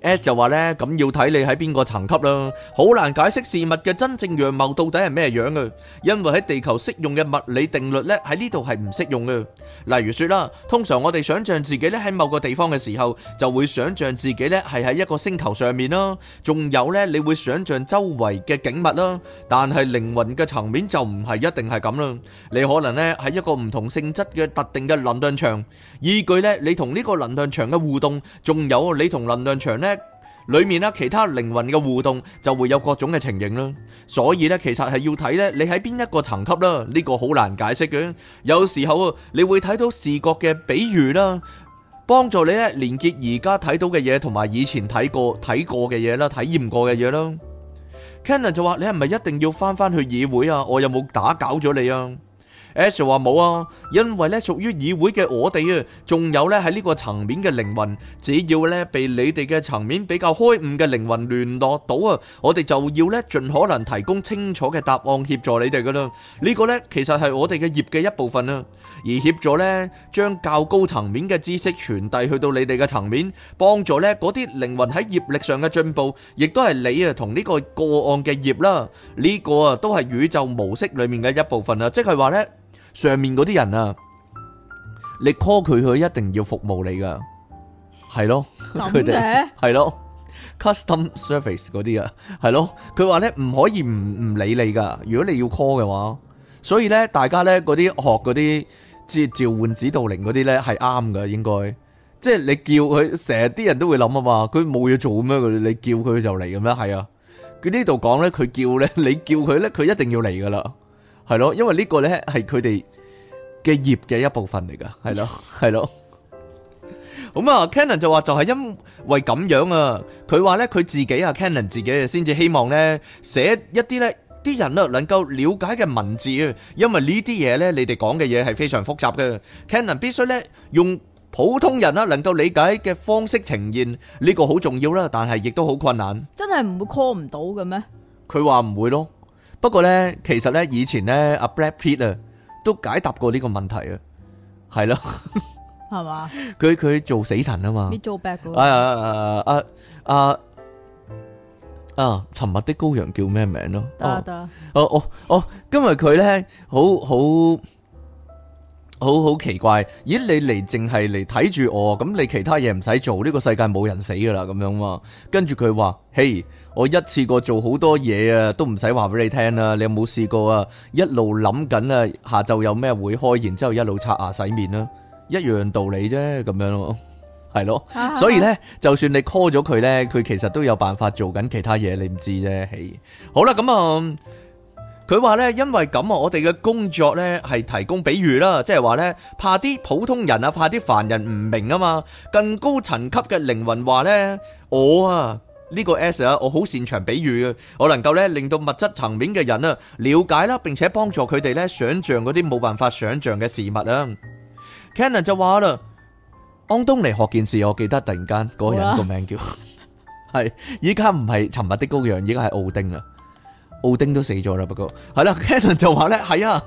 S 就話呢，咁要睇你喺邊個層級啦，好難解釋事物嘅真正樣貌到底係咩樣嘅。因為喺地球適用嘅物理定律呢，喺呢度係唔適用嘅。例如說啦，通常我哋想象自己呢喺某個地方嘅時候，就會想象自己呢係喺一個星球上面啦。仲有呢，你會想象周圍嘅景物啦。但係靈魂嘅層面就唔係一定係咁啦。你可能呢喺一個唔同性質嘅特定嘅能量場，依據呢你同呢個能量場嘅互動，仲有你同能量場呢，裏面啦，其他靈魂嘅互動就會有各種嘅情形啦，所以咧其實係要睇咧你喺邊一個層級啦，呢、這個好難解釋嘅。有時候啊，你會睇到視覺嘅比喻啦，幫助你咧連結而家睇到嘅嘢同埋以前睇過睇過嘅嘢啦，體驗過嘅嘢啦。Cannon 就話：你係咪一定要翻翻去議會啊？我有冇打攪咗你啊？Ash 話冇啊，因為咧屬於議會嘅我哋啊，仲有咧喺呢個層面嘅靈魂，只要咧被你哋嘅層面比較開悟嘅靈魂聯絡到啊，我哋就要咧盡可能提供清楚嘅答案協助你哋㗎喇。呢個咧其實係我哋嘅業嘅一部分啊，而協助咧將較高層面嘅知識傳遞去到你哋嘅層面，幫助咧嗰啲靈魂喺業力上嘅進步，亦都係你啊同呢個個案嘅業啦。呢個啊都係宇宙模式裡面嘅一部分啊，即係話咧。上面嗰啲人啊，你 call 佢佢一定要服務你噶係咯，佢哋係咯 custom service 嗰啲啊，係 咯，佢話咧唔可以唔，唔理你噶如果你要 call 嘅話。所以咧大家咧嗰啲學嗰啲即召喚指導靈嗰啲咧係啱噶應該，即係你叫佢，成日啲人都會諗啊嘛，佢冇嘢做咩？你叫佢就嚟嘅咩？係啊，佢呢度講咧，佢叫咧，你叫佢咧，佢一定要嚟噶啦。係咯，因為呢個呢係佢哋嘅業嘅一部分嚟噶，係咯，係咯。咁啊，Canon 就話就係因為咁樣啊，佢話呢佢自己啊，Canon 自己啊，先至希望呢寫一啲呢啲人啊能夠了解嘅文字啊，因為呢啲嘢呢你哋講嘅嘢係非常複雜嘅，Canon 必須呢用普通人啊能夠理解嘅方式呈現，呢個好重要啦，但係亦都好困難。真係唔會 call 唔到嘅咩？佢話唔會咯。不過咧，其實咧以前咧，阿 Brad Pitt 啊都解答過呢個問題啊，係咯，係嘛吧？佢佢 做死神啊嘛，你做 b a c k 係啊啊啊啊啊！沉、啊、默、啊啊啊、的羔羊叫咩名咯？得啦得啦！哦哦哦，今日佢咧好好。好好奇怪，咦？你嚟淨係嚟睇住我，咁你其他嘢唔使做，呢個世界冇人死噶啦，咁樣嘛？跟住佢話，嘿， hey，我一次過做好多嘢啊，都唔使話俾你聽啦。你有冇試過啊？一路諗緊啊，下晝有咩會開，然之後一路刷牙洗面啦，一樣道理啫，咁樣 咯，係咯。 所以呢， 就算你 call 咗佢呢，佢其實都有辦法做緊其他嘢，你唔知啫。嘿，好啦，咁啊。佢話咧，因為咁啊，我哋嘅工作咧係提供比喻啦，即係話咧怕啲普通人啊，怕啲凡人唔明啊嘛。更高層級嘅靈魂話咧，我啊，呢個 S 啊，我好擅長比喻啊，我能夠咧令到物質層面嘅人啊了解啦，並且幫助佢哋咧想像嗰啲冇辦法想像嘅事物啊。Cannon 就話啦，安東尼學件事，我記得突然間嗰個人個名叫係，依家唔係沉默的羔羊，依家係奧丁啊。奧丁都死咗啦，不過係啦，Cannon 就話咧：係啊，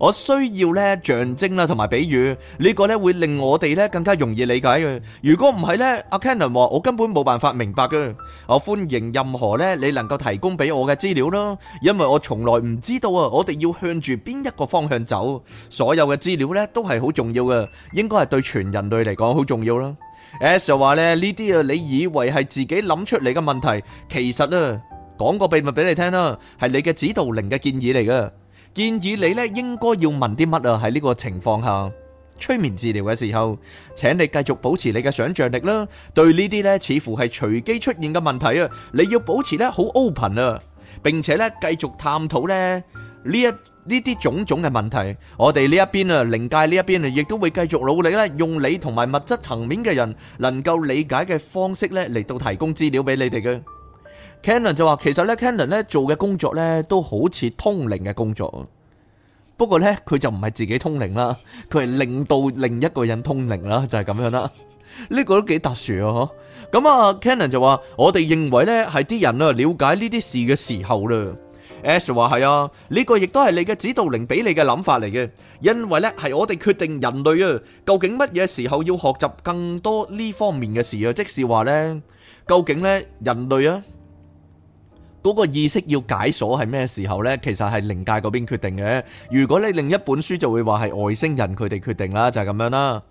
我需要咧象徵啦，同埋比喻呢、呢個咧會令我哋咧更加容易理解嘅。如果唔係咧，阿 Cannon 話我根本冇辦法明白嘅。我歡迎任何咧你能夠提供俾我嘅資料囉，因為我從來唔知道啊，我哋要向住邊一個方向走。所有嘅資料咧都係好重要嘅，應該係對全人類嚟講好重要啦。S 就話咧呢啲啊，你以為係自己諗出嚟嘅問題，其實啊。講個秘密俾你聽啦，係你嘅指導靈嘅建議嚟㗎，建議你呢應該要問啲乜啊？喺呢個情況下，催眠治療嘅時候，請你繼續保持你嘅想象力啦。對呢啲呢，似乎係隨機出現嘅問題啊，你要保持呢好 open 啊，並且呢繼續探討呢呢一呢啲種種嘅問題。我哋呢一邊啊，靈界呢一邊啊，亦都會繼續努力呢，用你同埋物質層面嘅人能夠理解嘅方式呢嚟到提供資料俾你哋嘅。Cannon 就話：其實咧，Cannon 咧做嘅工作咧都好似通靈嘅工作啊。不過咧，佢就唔係自己通靈啦，佢係令到另一個人通靈啦，就係咁樣啦。呢個都幾特殊啊！嗬。咁啊，Cannon 就話：我哋認為咧係啲人啊瞭解呢啲事嘅時候啦。Ash 話：係啊，呢個亦都係你嘅指導靈俾你嘅諗法嚟嘅，因為咧係我哋決定人類啊究竟乜嘢時候要學習更多呢方面嘅事啊，即是話咧究竟咧人類啊。嗰個意識要解鎖係咩時候咧？其實係靈界嗰邊決定嘅。如果你另一本書就會話係外星人佢哋決定啦，就係咁樣啦。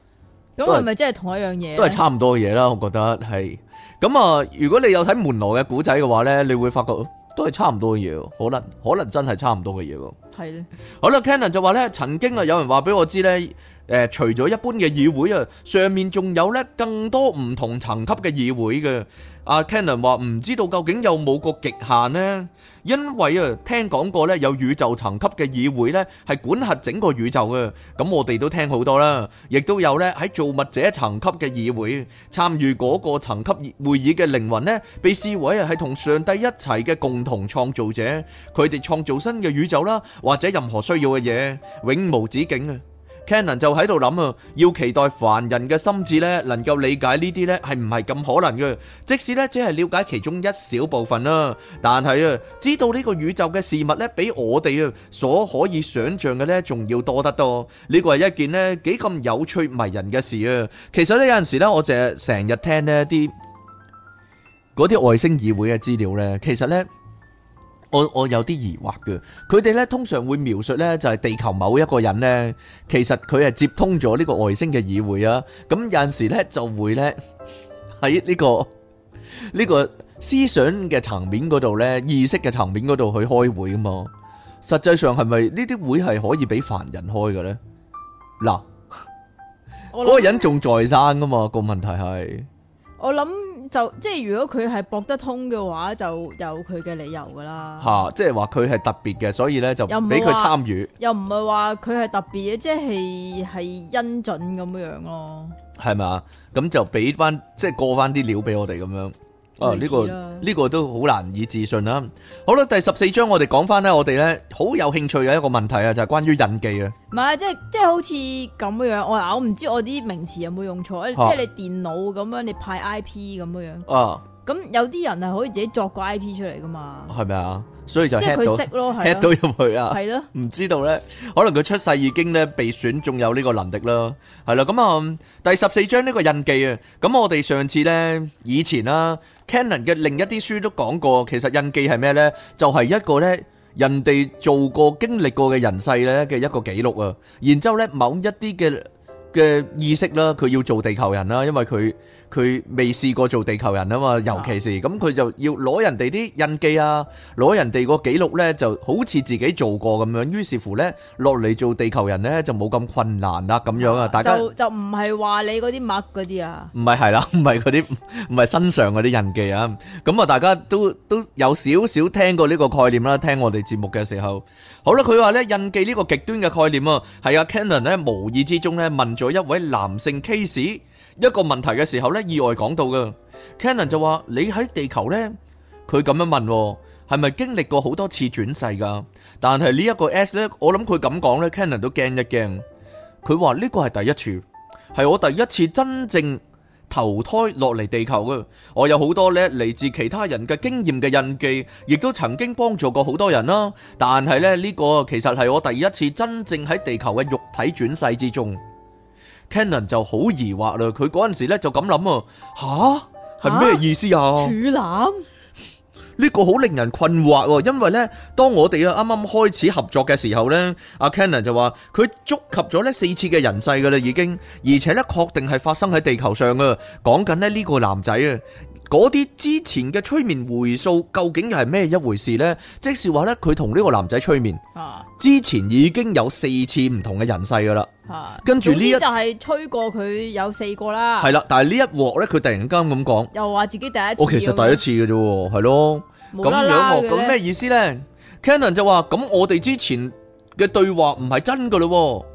咁係咪真係同一樣嘢？都係差唔多嘅嘢啦，我覺得係。咁啊，如果你有睇門羅嘅古仔嘅話咧，你會發覺都係差唔多嘅嘢，可能可能真係差唔多嘅嘢喎。係咯。好啦，Cannon 就話咧，曾經啊有人話俾我知咧。誒除咗一般嘅議會啊，上面仲有咧更多唔同層級嘅議會嘅。阿 Kennen 話唔知道究竟有冇個極限呢？因為啊聽講過咧有宇宙層級嘅議會咧，係管轄整個宇宙嘅。咁我哋都聽好多啦，亦都有咧喺造物者層級嘅議會參與嗰個層級會議嘅靈魂呢，被視為啊係同上帝一齊嘅共同創造者，佢哋創造新嘅宇宙啦，或者任何需要嘅嘢永無止境啊！Canon 就喺度諗啊，要期待凡人嘅心智咧，能夠理解呢啲咧，係唔係咁可能嘅？即使咧，只係了解其中一小部分啦，但係啊，知道呢個宇宙嘅事物咧，比我哋啊所可以想象嘅咧，仲要多得多。呢個係一件咧幾咁有趣迷人嘅事啊！其實咧，有陣時咧，我就成日聽呢啲嗰啲外星議會嘅資料咧，其實咧。我我有啲疑惑嘅，佢哋咧通常會描述咧就係地球某一個人咧，其實佢係接通咗呢個外星嘅議會啊，咁有陣時咧就會咧喺呢個呢個思想嘅層面嗰度咧，意識嘅層面嗰度去開會噶嘛，實際上係咪呢啲會係可以俾凡人開嘅咧？嗱，嗰個人仲在生噶嘛？個問題係我諗。就即係如果佢係博得通嘅話，就有佢嘅理由㗎啦。嚇、啊，即係話佢係特別嘅，所以咧就唔俾佢參與。又唔係話佢係特別嘅，即係係恩准咁樣咯。係咪啊？咁就俾翻即係過翻啲料俾我哋咁樣。哦，呢、這個呢個都好難以置信啦、啊。好啦，第十四章我哋講翻咧，我哋咧好有興趣嘅一個問題啊，就係、是、關於印記啊。唔係，即係即係好似咁樣樣。我嗱，我唔知我啲名詞有冇用錯。啊、即係你電腦咁樣，你派 I P 咁樣。啊，咁有啲人係可以自己作個 I P 出嚟噶嘛？係咪啊？所以就即係佢識咯，係啊，hit 到入去啊，係咯，唔知道咧，可能佢出世已經咧被選，仲有呢個能力咯，係啦，咁啊，第十四章呢個印記啊，咁我哋上次咧以前啦，Canon 嘅另一啲書都講過，其實印記係咩咧？就係一個咧人哋做過經歷過嘅人世咧嘅一個記錄啊，然之後咧某一啲嘅。嘅意識啦，佢要做地球人啦，因為佢佢未試過做地球人啊嘛，尤其是咁佢就要攞人哋啲印記啊，攞人哋個記錄呢，就好似自己做過咁樣，於是乎呢落嚟做地球人呢就冇咁困難啦咁樣啊！大家就就唔係話你嗰啲墨嗰啲啊？唔係係啦，唔係嗰啲唔係身上嗰啲印記啊！咁啊，大家都都有少少聽過呢個概念啦，聽我哋節目嘅時候，好啦，佢話呢印記呢個極端嘅概念啊，係阿 Cannon 呢無意之中呢問咗。有一位男性 case 一個問題嘅時候咧，意外講到嘅 Cannon 就話：你喺地球呢？佢咁樣問係咪、哦、經歷過好多次轉世噶？但係呢一個 S 呢，我諗佢咁講呢 Cannon 都驚一驚。佢話呢個係第一次，係我第一次真正投胎落嚟地球噶。我有好多呢嚟自其他人嘅經驗嘅印記，亦都曾經幫助過好多人啦。但係咧呢個其實係我第一次真正喺地球嘅肉體轉世之中。Cannon 就好疑惑啦，佢嗰陣時咧就咁諗啊，吓？係咩意思啊？處男、啊？呢個好令人困惑喎，因為咧，當我哋啊啱啱開始合作嘅時候咧，阿 Cannon 就話佢觸及咗呢四次嘅人世噶啦已經，而且咧確定係發生喺地球上啊，講緊咧呢個男仔啊。嗰啲之前嘅催眠回數究竟又係咩一回事咧？即是話咧，佢同呢個男仔催眠、啊、之前已經有四次唔同嘅人世噶啦，啊、跟住呢一就係催過佢有四個啦，係啦。但係呢一鑊咧，佢突然間咁講，又話自己第一次。我其實第一次嘅啫喎，係咯，咁樣喎，咁咩意思咧？Cannon 就話：咁我哋之前嘅對話唔係真噶咯喎。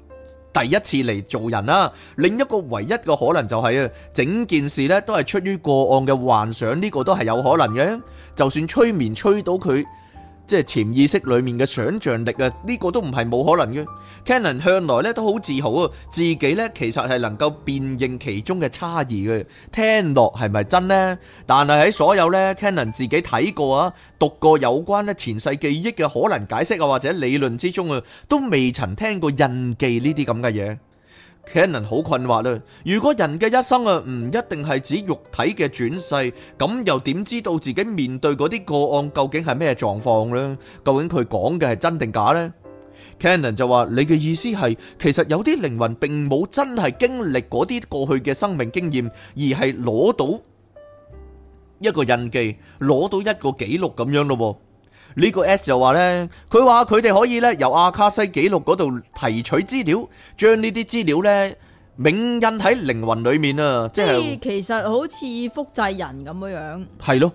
第一次嚟做人啦，另一個唯一個可能就係啊，整件事呢都係出於個案嘅幻想，呢、這個都係有可能嘅，就算催眠催到佢。即係潛意識裡面嘅想像力啊，呢個都唔係冇可能嘅。Canon 向來咧都好自豪啊，自己咧其實係能夠辨認其中嘅差異嘅，聽落係咪真呢？但係喺所有咧 Canon 自己睇過啊、讀過有關咧前世記憶嘅可能解釋啊，或者理論之中啊，都未曾聽過印記呢啲咁嘅嘢。Cannon 好困惑啦！如果人嘅一生啊唔一定係指肉體嘅轉世，咁又點知道自己面對嗰啲個案究竟係咩狀況咧？究竟佢講嘅係真定假咧？Cannon 就話：你嘅意思係其實有啲靈魂並冇真係經歷嗰啲過去嘅生命經驗，而係攞到一個印記，攞到一個記錄咁樣咯喎。呢個 S 又話咧，佢話佢哋可以咧由阿卡西記錄嗰度提取資料，將呢啲資料咧銘印喺靈魂裡面啊，即係其實好似複製人咁樣樣。係咯，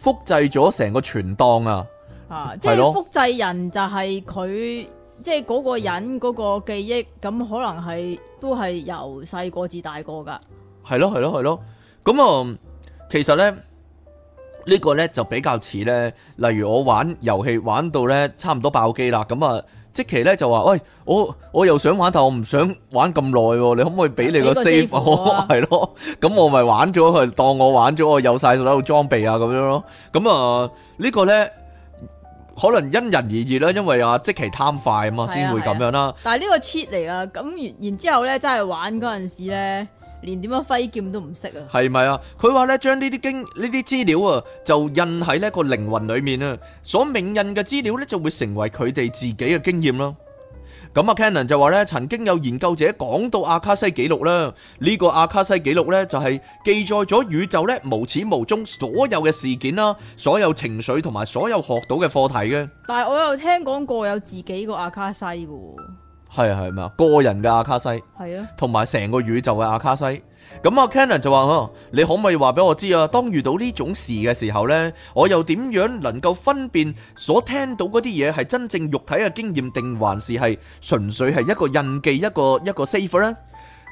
複製咗成個存檔啊！啊，即係複製人就係佢，即係嗰個人嗰個記憶，咁可能係都係由細個至大個㗎。係咯，係咯，係咯。咁啊，其實咧。呢個咧就比較似咧，例如我玩遊戲玩到咧差唔多爆機啦，咁啊即期咧就話喂、哎，我我又想玩但我唔想玩咁耐，你可唔可以俾你個 save？係 咯，咁我咪玩咗佢，當我玩咗我有晒所有裝備啊咁樣咯。咁、嗯、啊、這個、呢個咧可能因人而異啦，因為即奇貪，啊即期貪快啊嘛，先會咁樣啦。但係呢個 cheat 嚟啊，咁然然之後咧真係玩嗰陣時咧。連點樣揮劍都唔識啊！係咪啊？佢話咧，將呢啲經呢啲資料啊，就印喺呢個靈魂裏面啊，所銘印嘅資料咧，就會成為佢哋自己嘅經驗咯。咁啊，Cannon 就話咧，曾經有研究者講到阿卡西記錄啦，呢個阿卡西記錄咧，就係記載咗宇宙咧無始無終所有嘅事件啦，所有情緒同埋所有學到嘅課題嘅。但係我有聽講過有自己個阿卡西噶。係啊，係啊，個人嘅阿卡西，係啊，同埋成個宇宙嘅阿卡西。咁阿 Canon 就話，你可唔可以話俾我知啊？當遇到呢種事嘅時候咧，我又點樣能夠分辨所聽到嗰啲嘢係真正肉體嘅經驗定還是係純粹係一個印記一個一個 save 咧？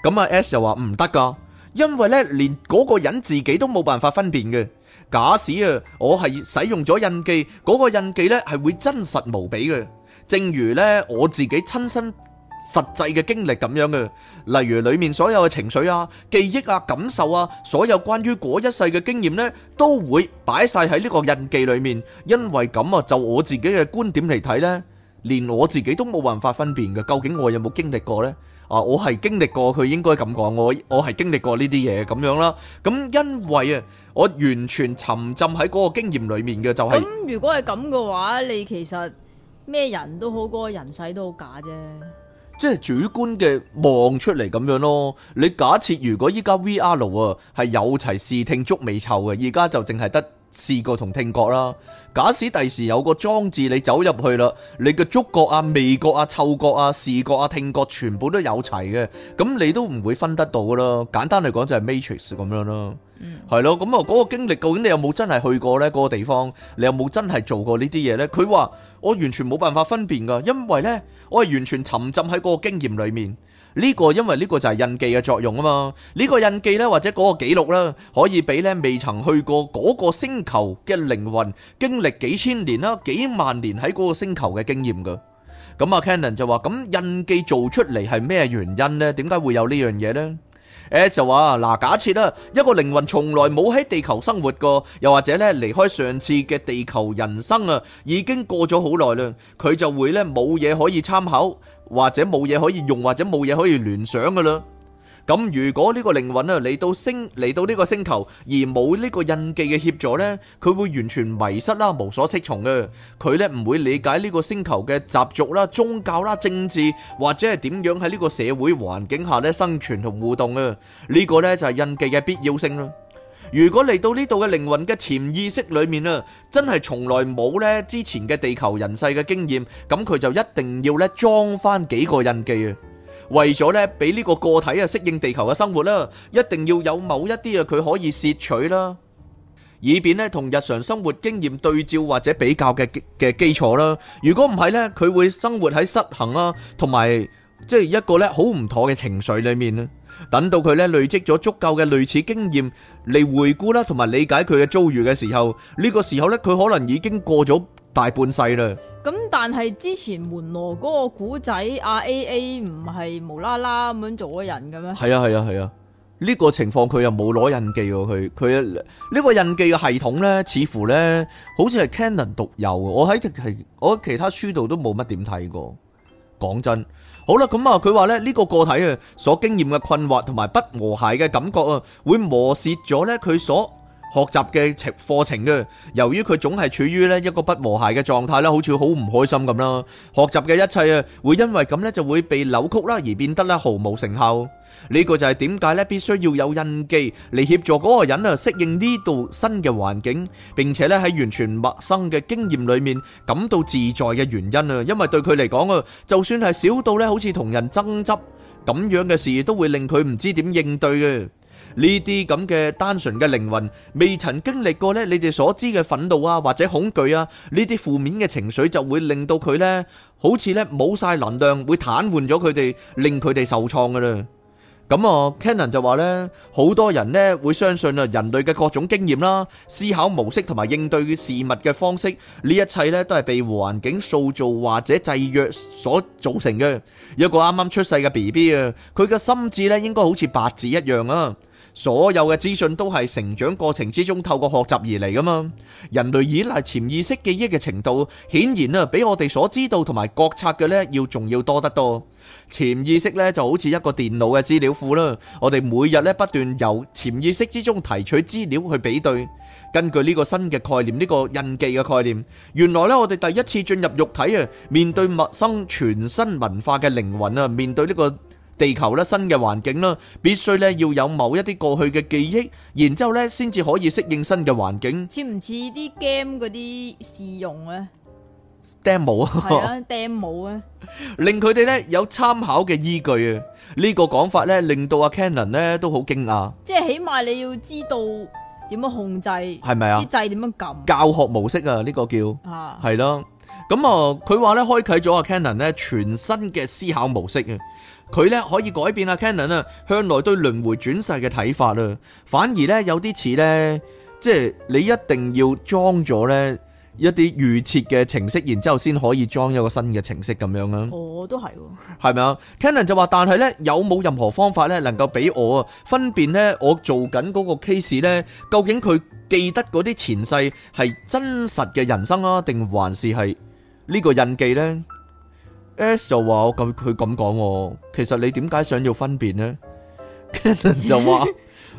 咁阿 S 就話唔得㗎，因為咧連嗰個人自己都冇辦法分辨嘅。假使啊，我係使用咗印記，嗰個印記咧係會真實無比嘅，正如咧我自己親身，實際嘅經歷咁樣嘅，例如裏面所有嘅情緒啊、記憶啊、感受啊，所有關於嗰一世嘅經驗呢，都會擺晒喺呢個印記裏面。因為咁啊，就我自己嘅觀點嚟睇呢，連我自己都冇辦法分辨嘅，究竟我有冇經歷過呢？啊，我係經歷過，佢應該咁講，我我係經歷過呢啲嘢咁樣啦。咁因為啊，我完全沉浸喺嗰個經驗裏面嘅，就係咁。如果係咁嘅話，你其實咩人都好，嗰個人世都好假啫。即係主觀嘅望出嚟咁樣咯。你假設如果依家 VR 啊係有齊視聽觸味嗅嘅，而家就淨係得視覺同聽覺啦。假使第時有個裝置你走入去啦，你嘅觸覺啊、味覺啊、嗅覺啊、視覺啊、聽覺全部都有齊嘅，咁你都唔會分得到噶咯。簡單嚟講就係 Matrix 咁樣咯。係咯，咁啊嗰個經歷，究竟你有冇真係去過呢嗰個地方，你有冇真係做過呢啲嘢呢？佢話我完全冇辦法分辨噶，因為呢，我係完全沉浸喺嗰個經驗裏面。呢個因為呢個就係印記嘅作用啊嘛。呢個印記呢，或者嗰個記錄啦，可以俾呢未曾去過嗰個星球嘅靈魂，經歷幾千年啦，幾萬年喺嗰個星球嘅經驗噶。咁啊，Cannon 就話：咁印記做出嚟係咩原因呢？點解會有呢樣嘢呢？誒就話嗱，假設啦，一個靈魂從來冇喺地球生活過，又或者咧離開上次嘅地球人生啊，已經過咗好耐啦，佢就會咧冇嘢可以參考，或者冇嘢可以用，或者冇嘢可以聯想㗎喇。咁如果呢個靈魂啊，嚟到星嚟到呢個星球而冇呢個印記嘅協助呢，佢會完全迷失啦，無所適從嘅。佢呢唔會理解呢個星球嘅習俗啦、宗教啦、政治或者係點樣喺呢個社會環境下呢生存同互動啊。呢個呢就係印記嘅必要性啦。如果嚟到呢度嘅靈魂嘅潛意識裏面啊，真係從來冇呢之前嘅地球人世嘅經驗，咁佢就一定要呢裝返幾個印記啊。為咗咧，俾呢個個體啊適應地球嘅生活啦，一定要有某一啲啊佢可以攝取啦，以便咧同日常生活經驗對照或者比較嘅嘅基礎啦。如果唔係咧，佢會生活喺失衡啦，同埋即係一個咧好唔妥嘅情緒裏面啦。等到佢咧累積咗足夠嘅類似經驗嚟回顧啦，同埋理解佢嘅遭遇嘅時候，呢個時候咧佢可能已經過咗大半世啦。咁但係之前門羅嗰個古仔阿 A A 唔係無啦啦咁樣做個人嘅咩？係啊係啊係啊！呢、啊啊這個情況佢又冇攞印記喎，佢佢呢個印記嘅系統咧，似乎咧好似係 Canon 獨有嘅，我喺係我其他書度都冇乜點睇過。講真，好啦，咁、嗯、啊，佢話咧呢個個體啊所經驗嘅困惑同埋不和諧嘅感覺啊，會磨蝕咗咧佢所。學習嘅程課程嘅，由於佢總係處於呢一個不和諧嘅狀態啦，好似好唔開心咁啦。學習嘅一切啊，會因為咁呢就會被扭曲啦，而變得呢毫無成效。呢個就係點解呢必須要有印記嚟協助嗰個人啊適應呢度新嘅環境，並且呢喺完全陌生嘅經驗裏面感到自在嘅原因啊。因為對佢嚟講啊，就算係少到呢好似同人爭執咁樣嘅事，都會令佢唔知點應對嘅。呢啲咁嘅單純嘅靈魂，未曾經歷過呢，你哋所知嘅憤怒啊，或者恐懼啊，呢啲負面嘅情緒就會令到佢呢，好似呢冇晒能量，會癱瘓咗佢哋，令佢哋受創㗎喇。咁啊 Canon 就話咧，好多人咧會相信啊，人類嘅各種經驗啦、思考模式同埋應對事物嘅方式，呢一切咧都係被環境塑造或者制約所造成嘅。有一個啱啱出世嘅 B B 啊，佢嘅心智咧應該好似白紙一樣啊。所有嘅資訊都係成長過程之中透過學習而嚟噶嘛？人類依賴潛意識記憶嘅程度，顯然啊，比我哋所知道同埋覺察嘅呢要重要多得多。潛意識呢就好似一個電腦嘅資料庫啦。我哋每日呢不斷由潛意識之中提取資料去比對。根據呢個新嘅概念，呢個印記嘅概念，原來呢，我哋第一次進入肉體啊，面對陌生全新文化嘅靈魂啊，面對呢個，地球咧新嘅環境咧，必須咧要有某一啲過去嘅記憶，然之後咧先至可以適應新嘅環境。似唔似啲 game 嗰啲試用咧？demo 啊，係啊，demo 啊，令佢哋咧有參考嘅依據啊。呢個講法咧，令到阿 Canon 咧都好驚訝。即係起碼你要知道點樣控制，係咪啊？啲掣點樣撳？教學模式啊，呢個叫啊係咯。咁啊，佢話咧開啟咗阿 Canon 咧全新嘅思考模式啊。佢咧可以改變啊，Canon 啊，向來對輪迴轉世嘅睇法啊，反而咧有啲似咧，即係你一定要裝咗咧一啲預設嘅程式，然之後先可以裝一個新嘅程式咁樣啦。哦，都係喎。係咪啊？Canon 就話，但係咧，有冇任何方法咧，能夠俾我啊分辨咧，我做緊嗰個 case 咧，究竟佢記得嗰啲前世係真實嘅人生啊，定還是係呢個印記咧？S, S 就話：我咁佢咁講喎，其實你點解想要分辨呢？Cannon 就話：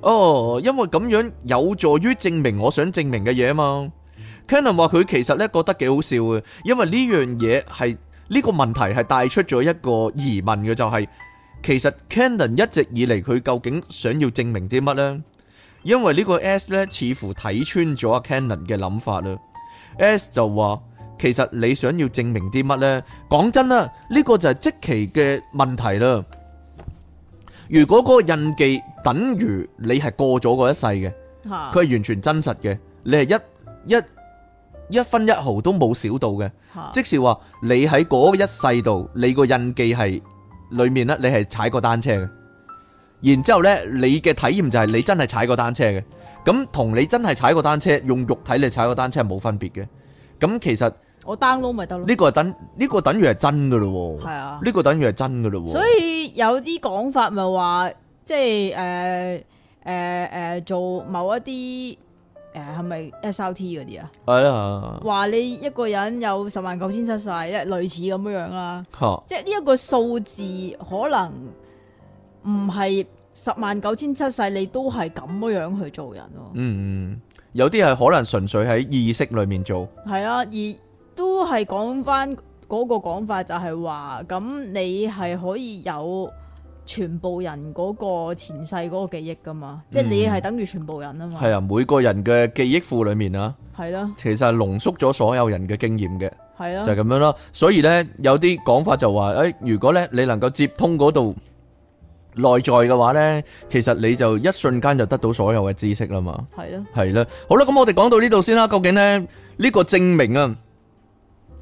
哦，因為咁樣有助於證明我想證明嘅嘢嘛。Cannon 話佢其實咧覺得幾好笑嘅，因為呢樣嘢係呢個問題係帶出咗一個疑問嘅，就係、是、其實 Cannon 一直以嚟佢究竟想要證明啲乜呢？」因為呢個 S 咧似乎睇穿咗 Cannon 嘅諗法啦。S 就話。其實你想要證明啲乜呢？講真啦，呢、這個就係即期嘅問題啦。如果嗰個印記等於你係過咗嗰一世嘅，佢係完全真實嘅，你係一一一分一毫都冇少到嘅。啊、即使話你喺嗰一世度，你個印記係裏面咧，你係踩過單車嘅。然之後咧，你嘅體驗就係你真係踩過單車嘅。咁同你真係踩過單車用肉體嚟踩過單車冇分別嘅。咁其實。我 download 咪得咯？呢個係等呢、呢個等於係真噶咯喎！係啊，呢個等於係真噶咯喎！所以有啲講法咪話，即係誒誒誒做某一啲誒係咪 SRT 嗰啲啊？係啊，話你一個人有十萬九千七世，即係類似咁樣樣啦。啊、即係呢一個數字可能唔係十萬九千七世，你都係咁樣去做人。嗯嗯，有啲係可能純粹喺意識裏面做。係啦、啊，而都係講翻嗰個講法，就係話咁你係可以有全部人嗰個前世嗰個記憶噶嘛？嗯、即係你係等於全部人啊嘛？係啊，每個人嘅記憶庫裏面啊，係咯的，其實係濃縮咗所有人嘅經驗嘅，係咯的，就係咁樣咯。所以呢，有啲講法就話誒、哎，如果呢你能夠接通嗰度內在嘅話呢，其實你就一瞬間就得到所有嘅知識啦嘛。係咯的，係啦的，好啦，咁我哋講到呢度先啦。究竟呢，呢、這個證明啊？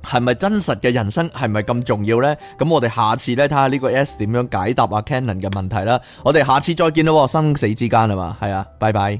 係咪真實嘅人生係咪咁重要呢？咁我哋下次呢睇下呢個 S 點樣解答阿 Canon 嘅問題啦。我哋下次再見啦，生死之間啊嘛，係啊，拜拜。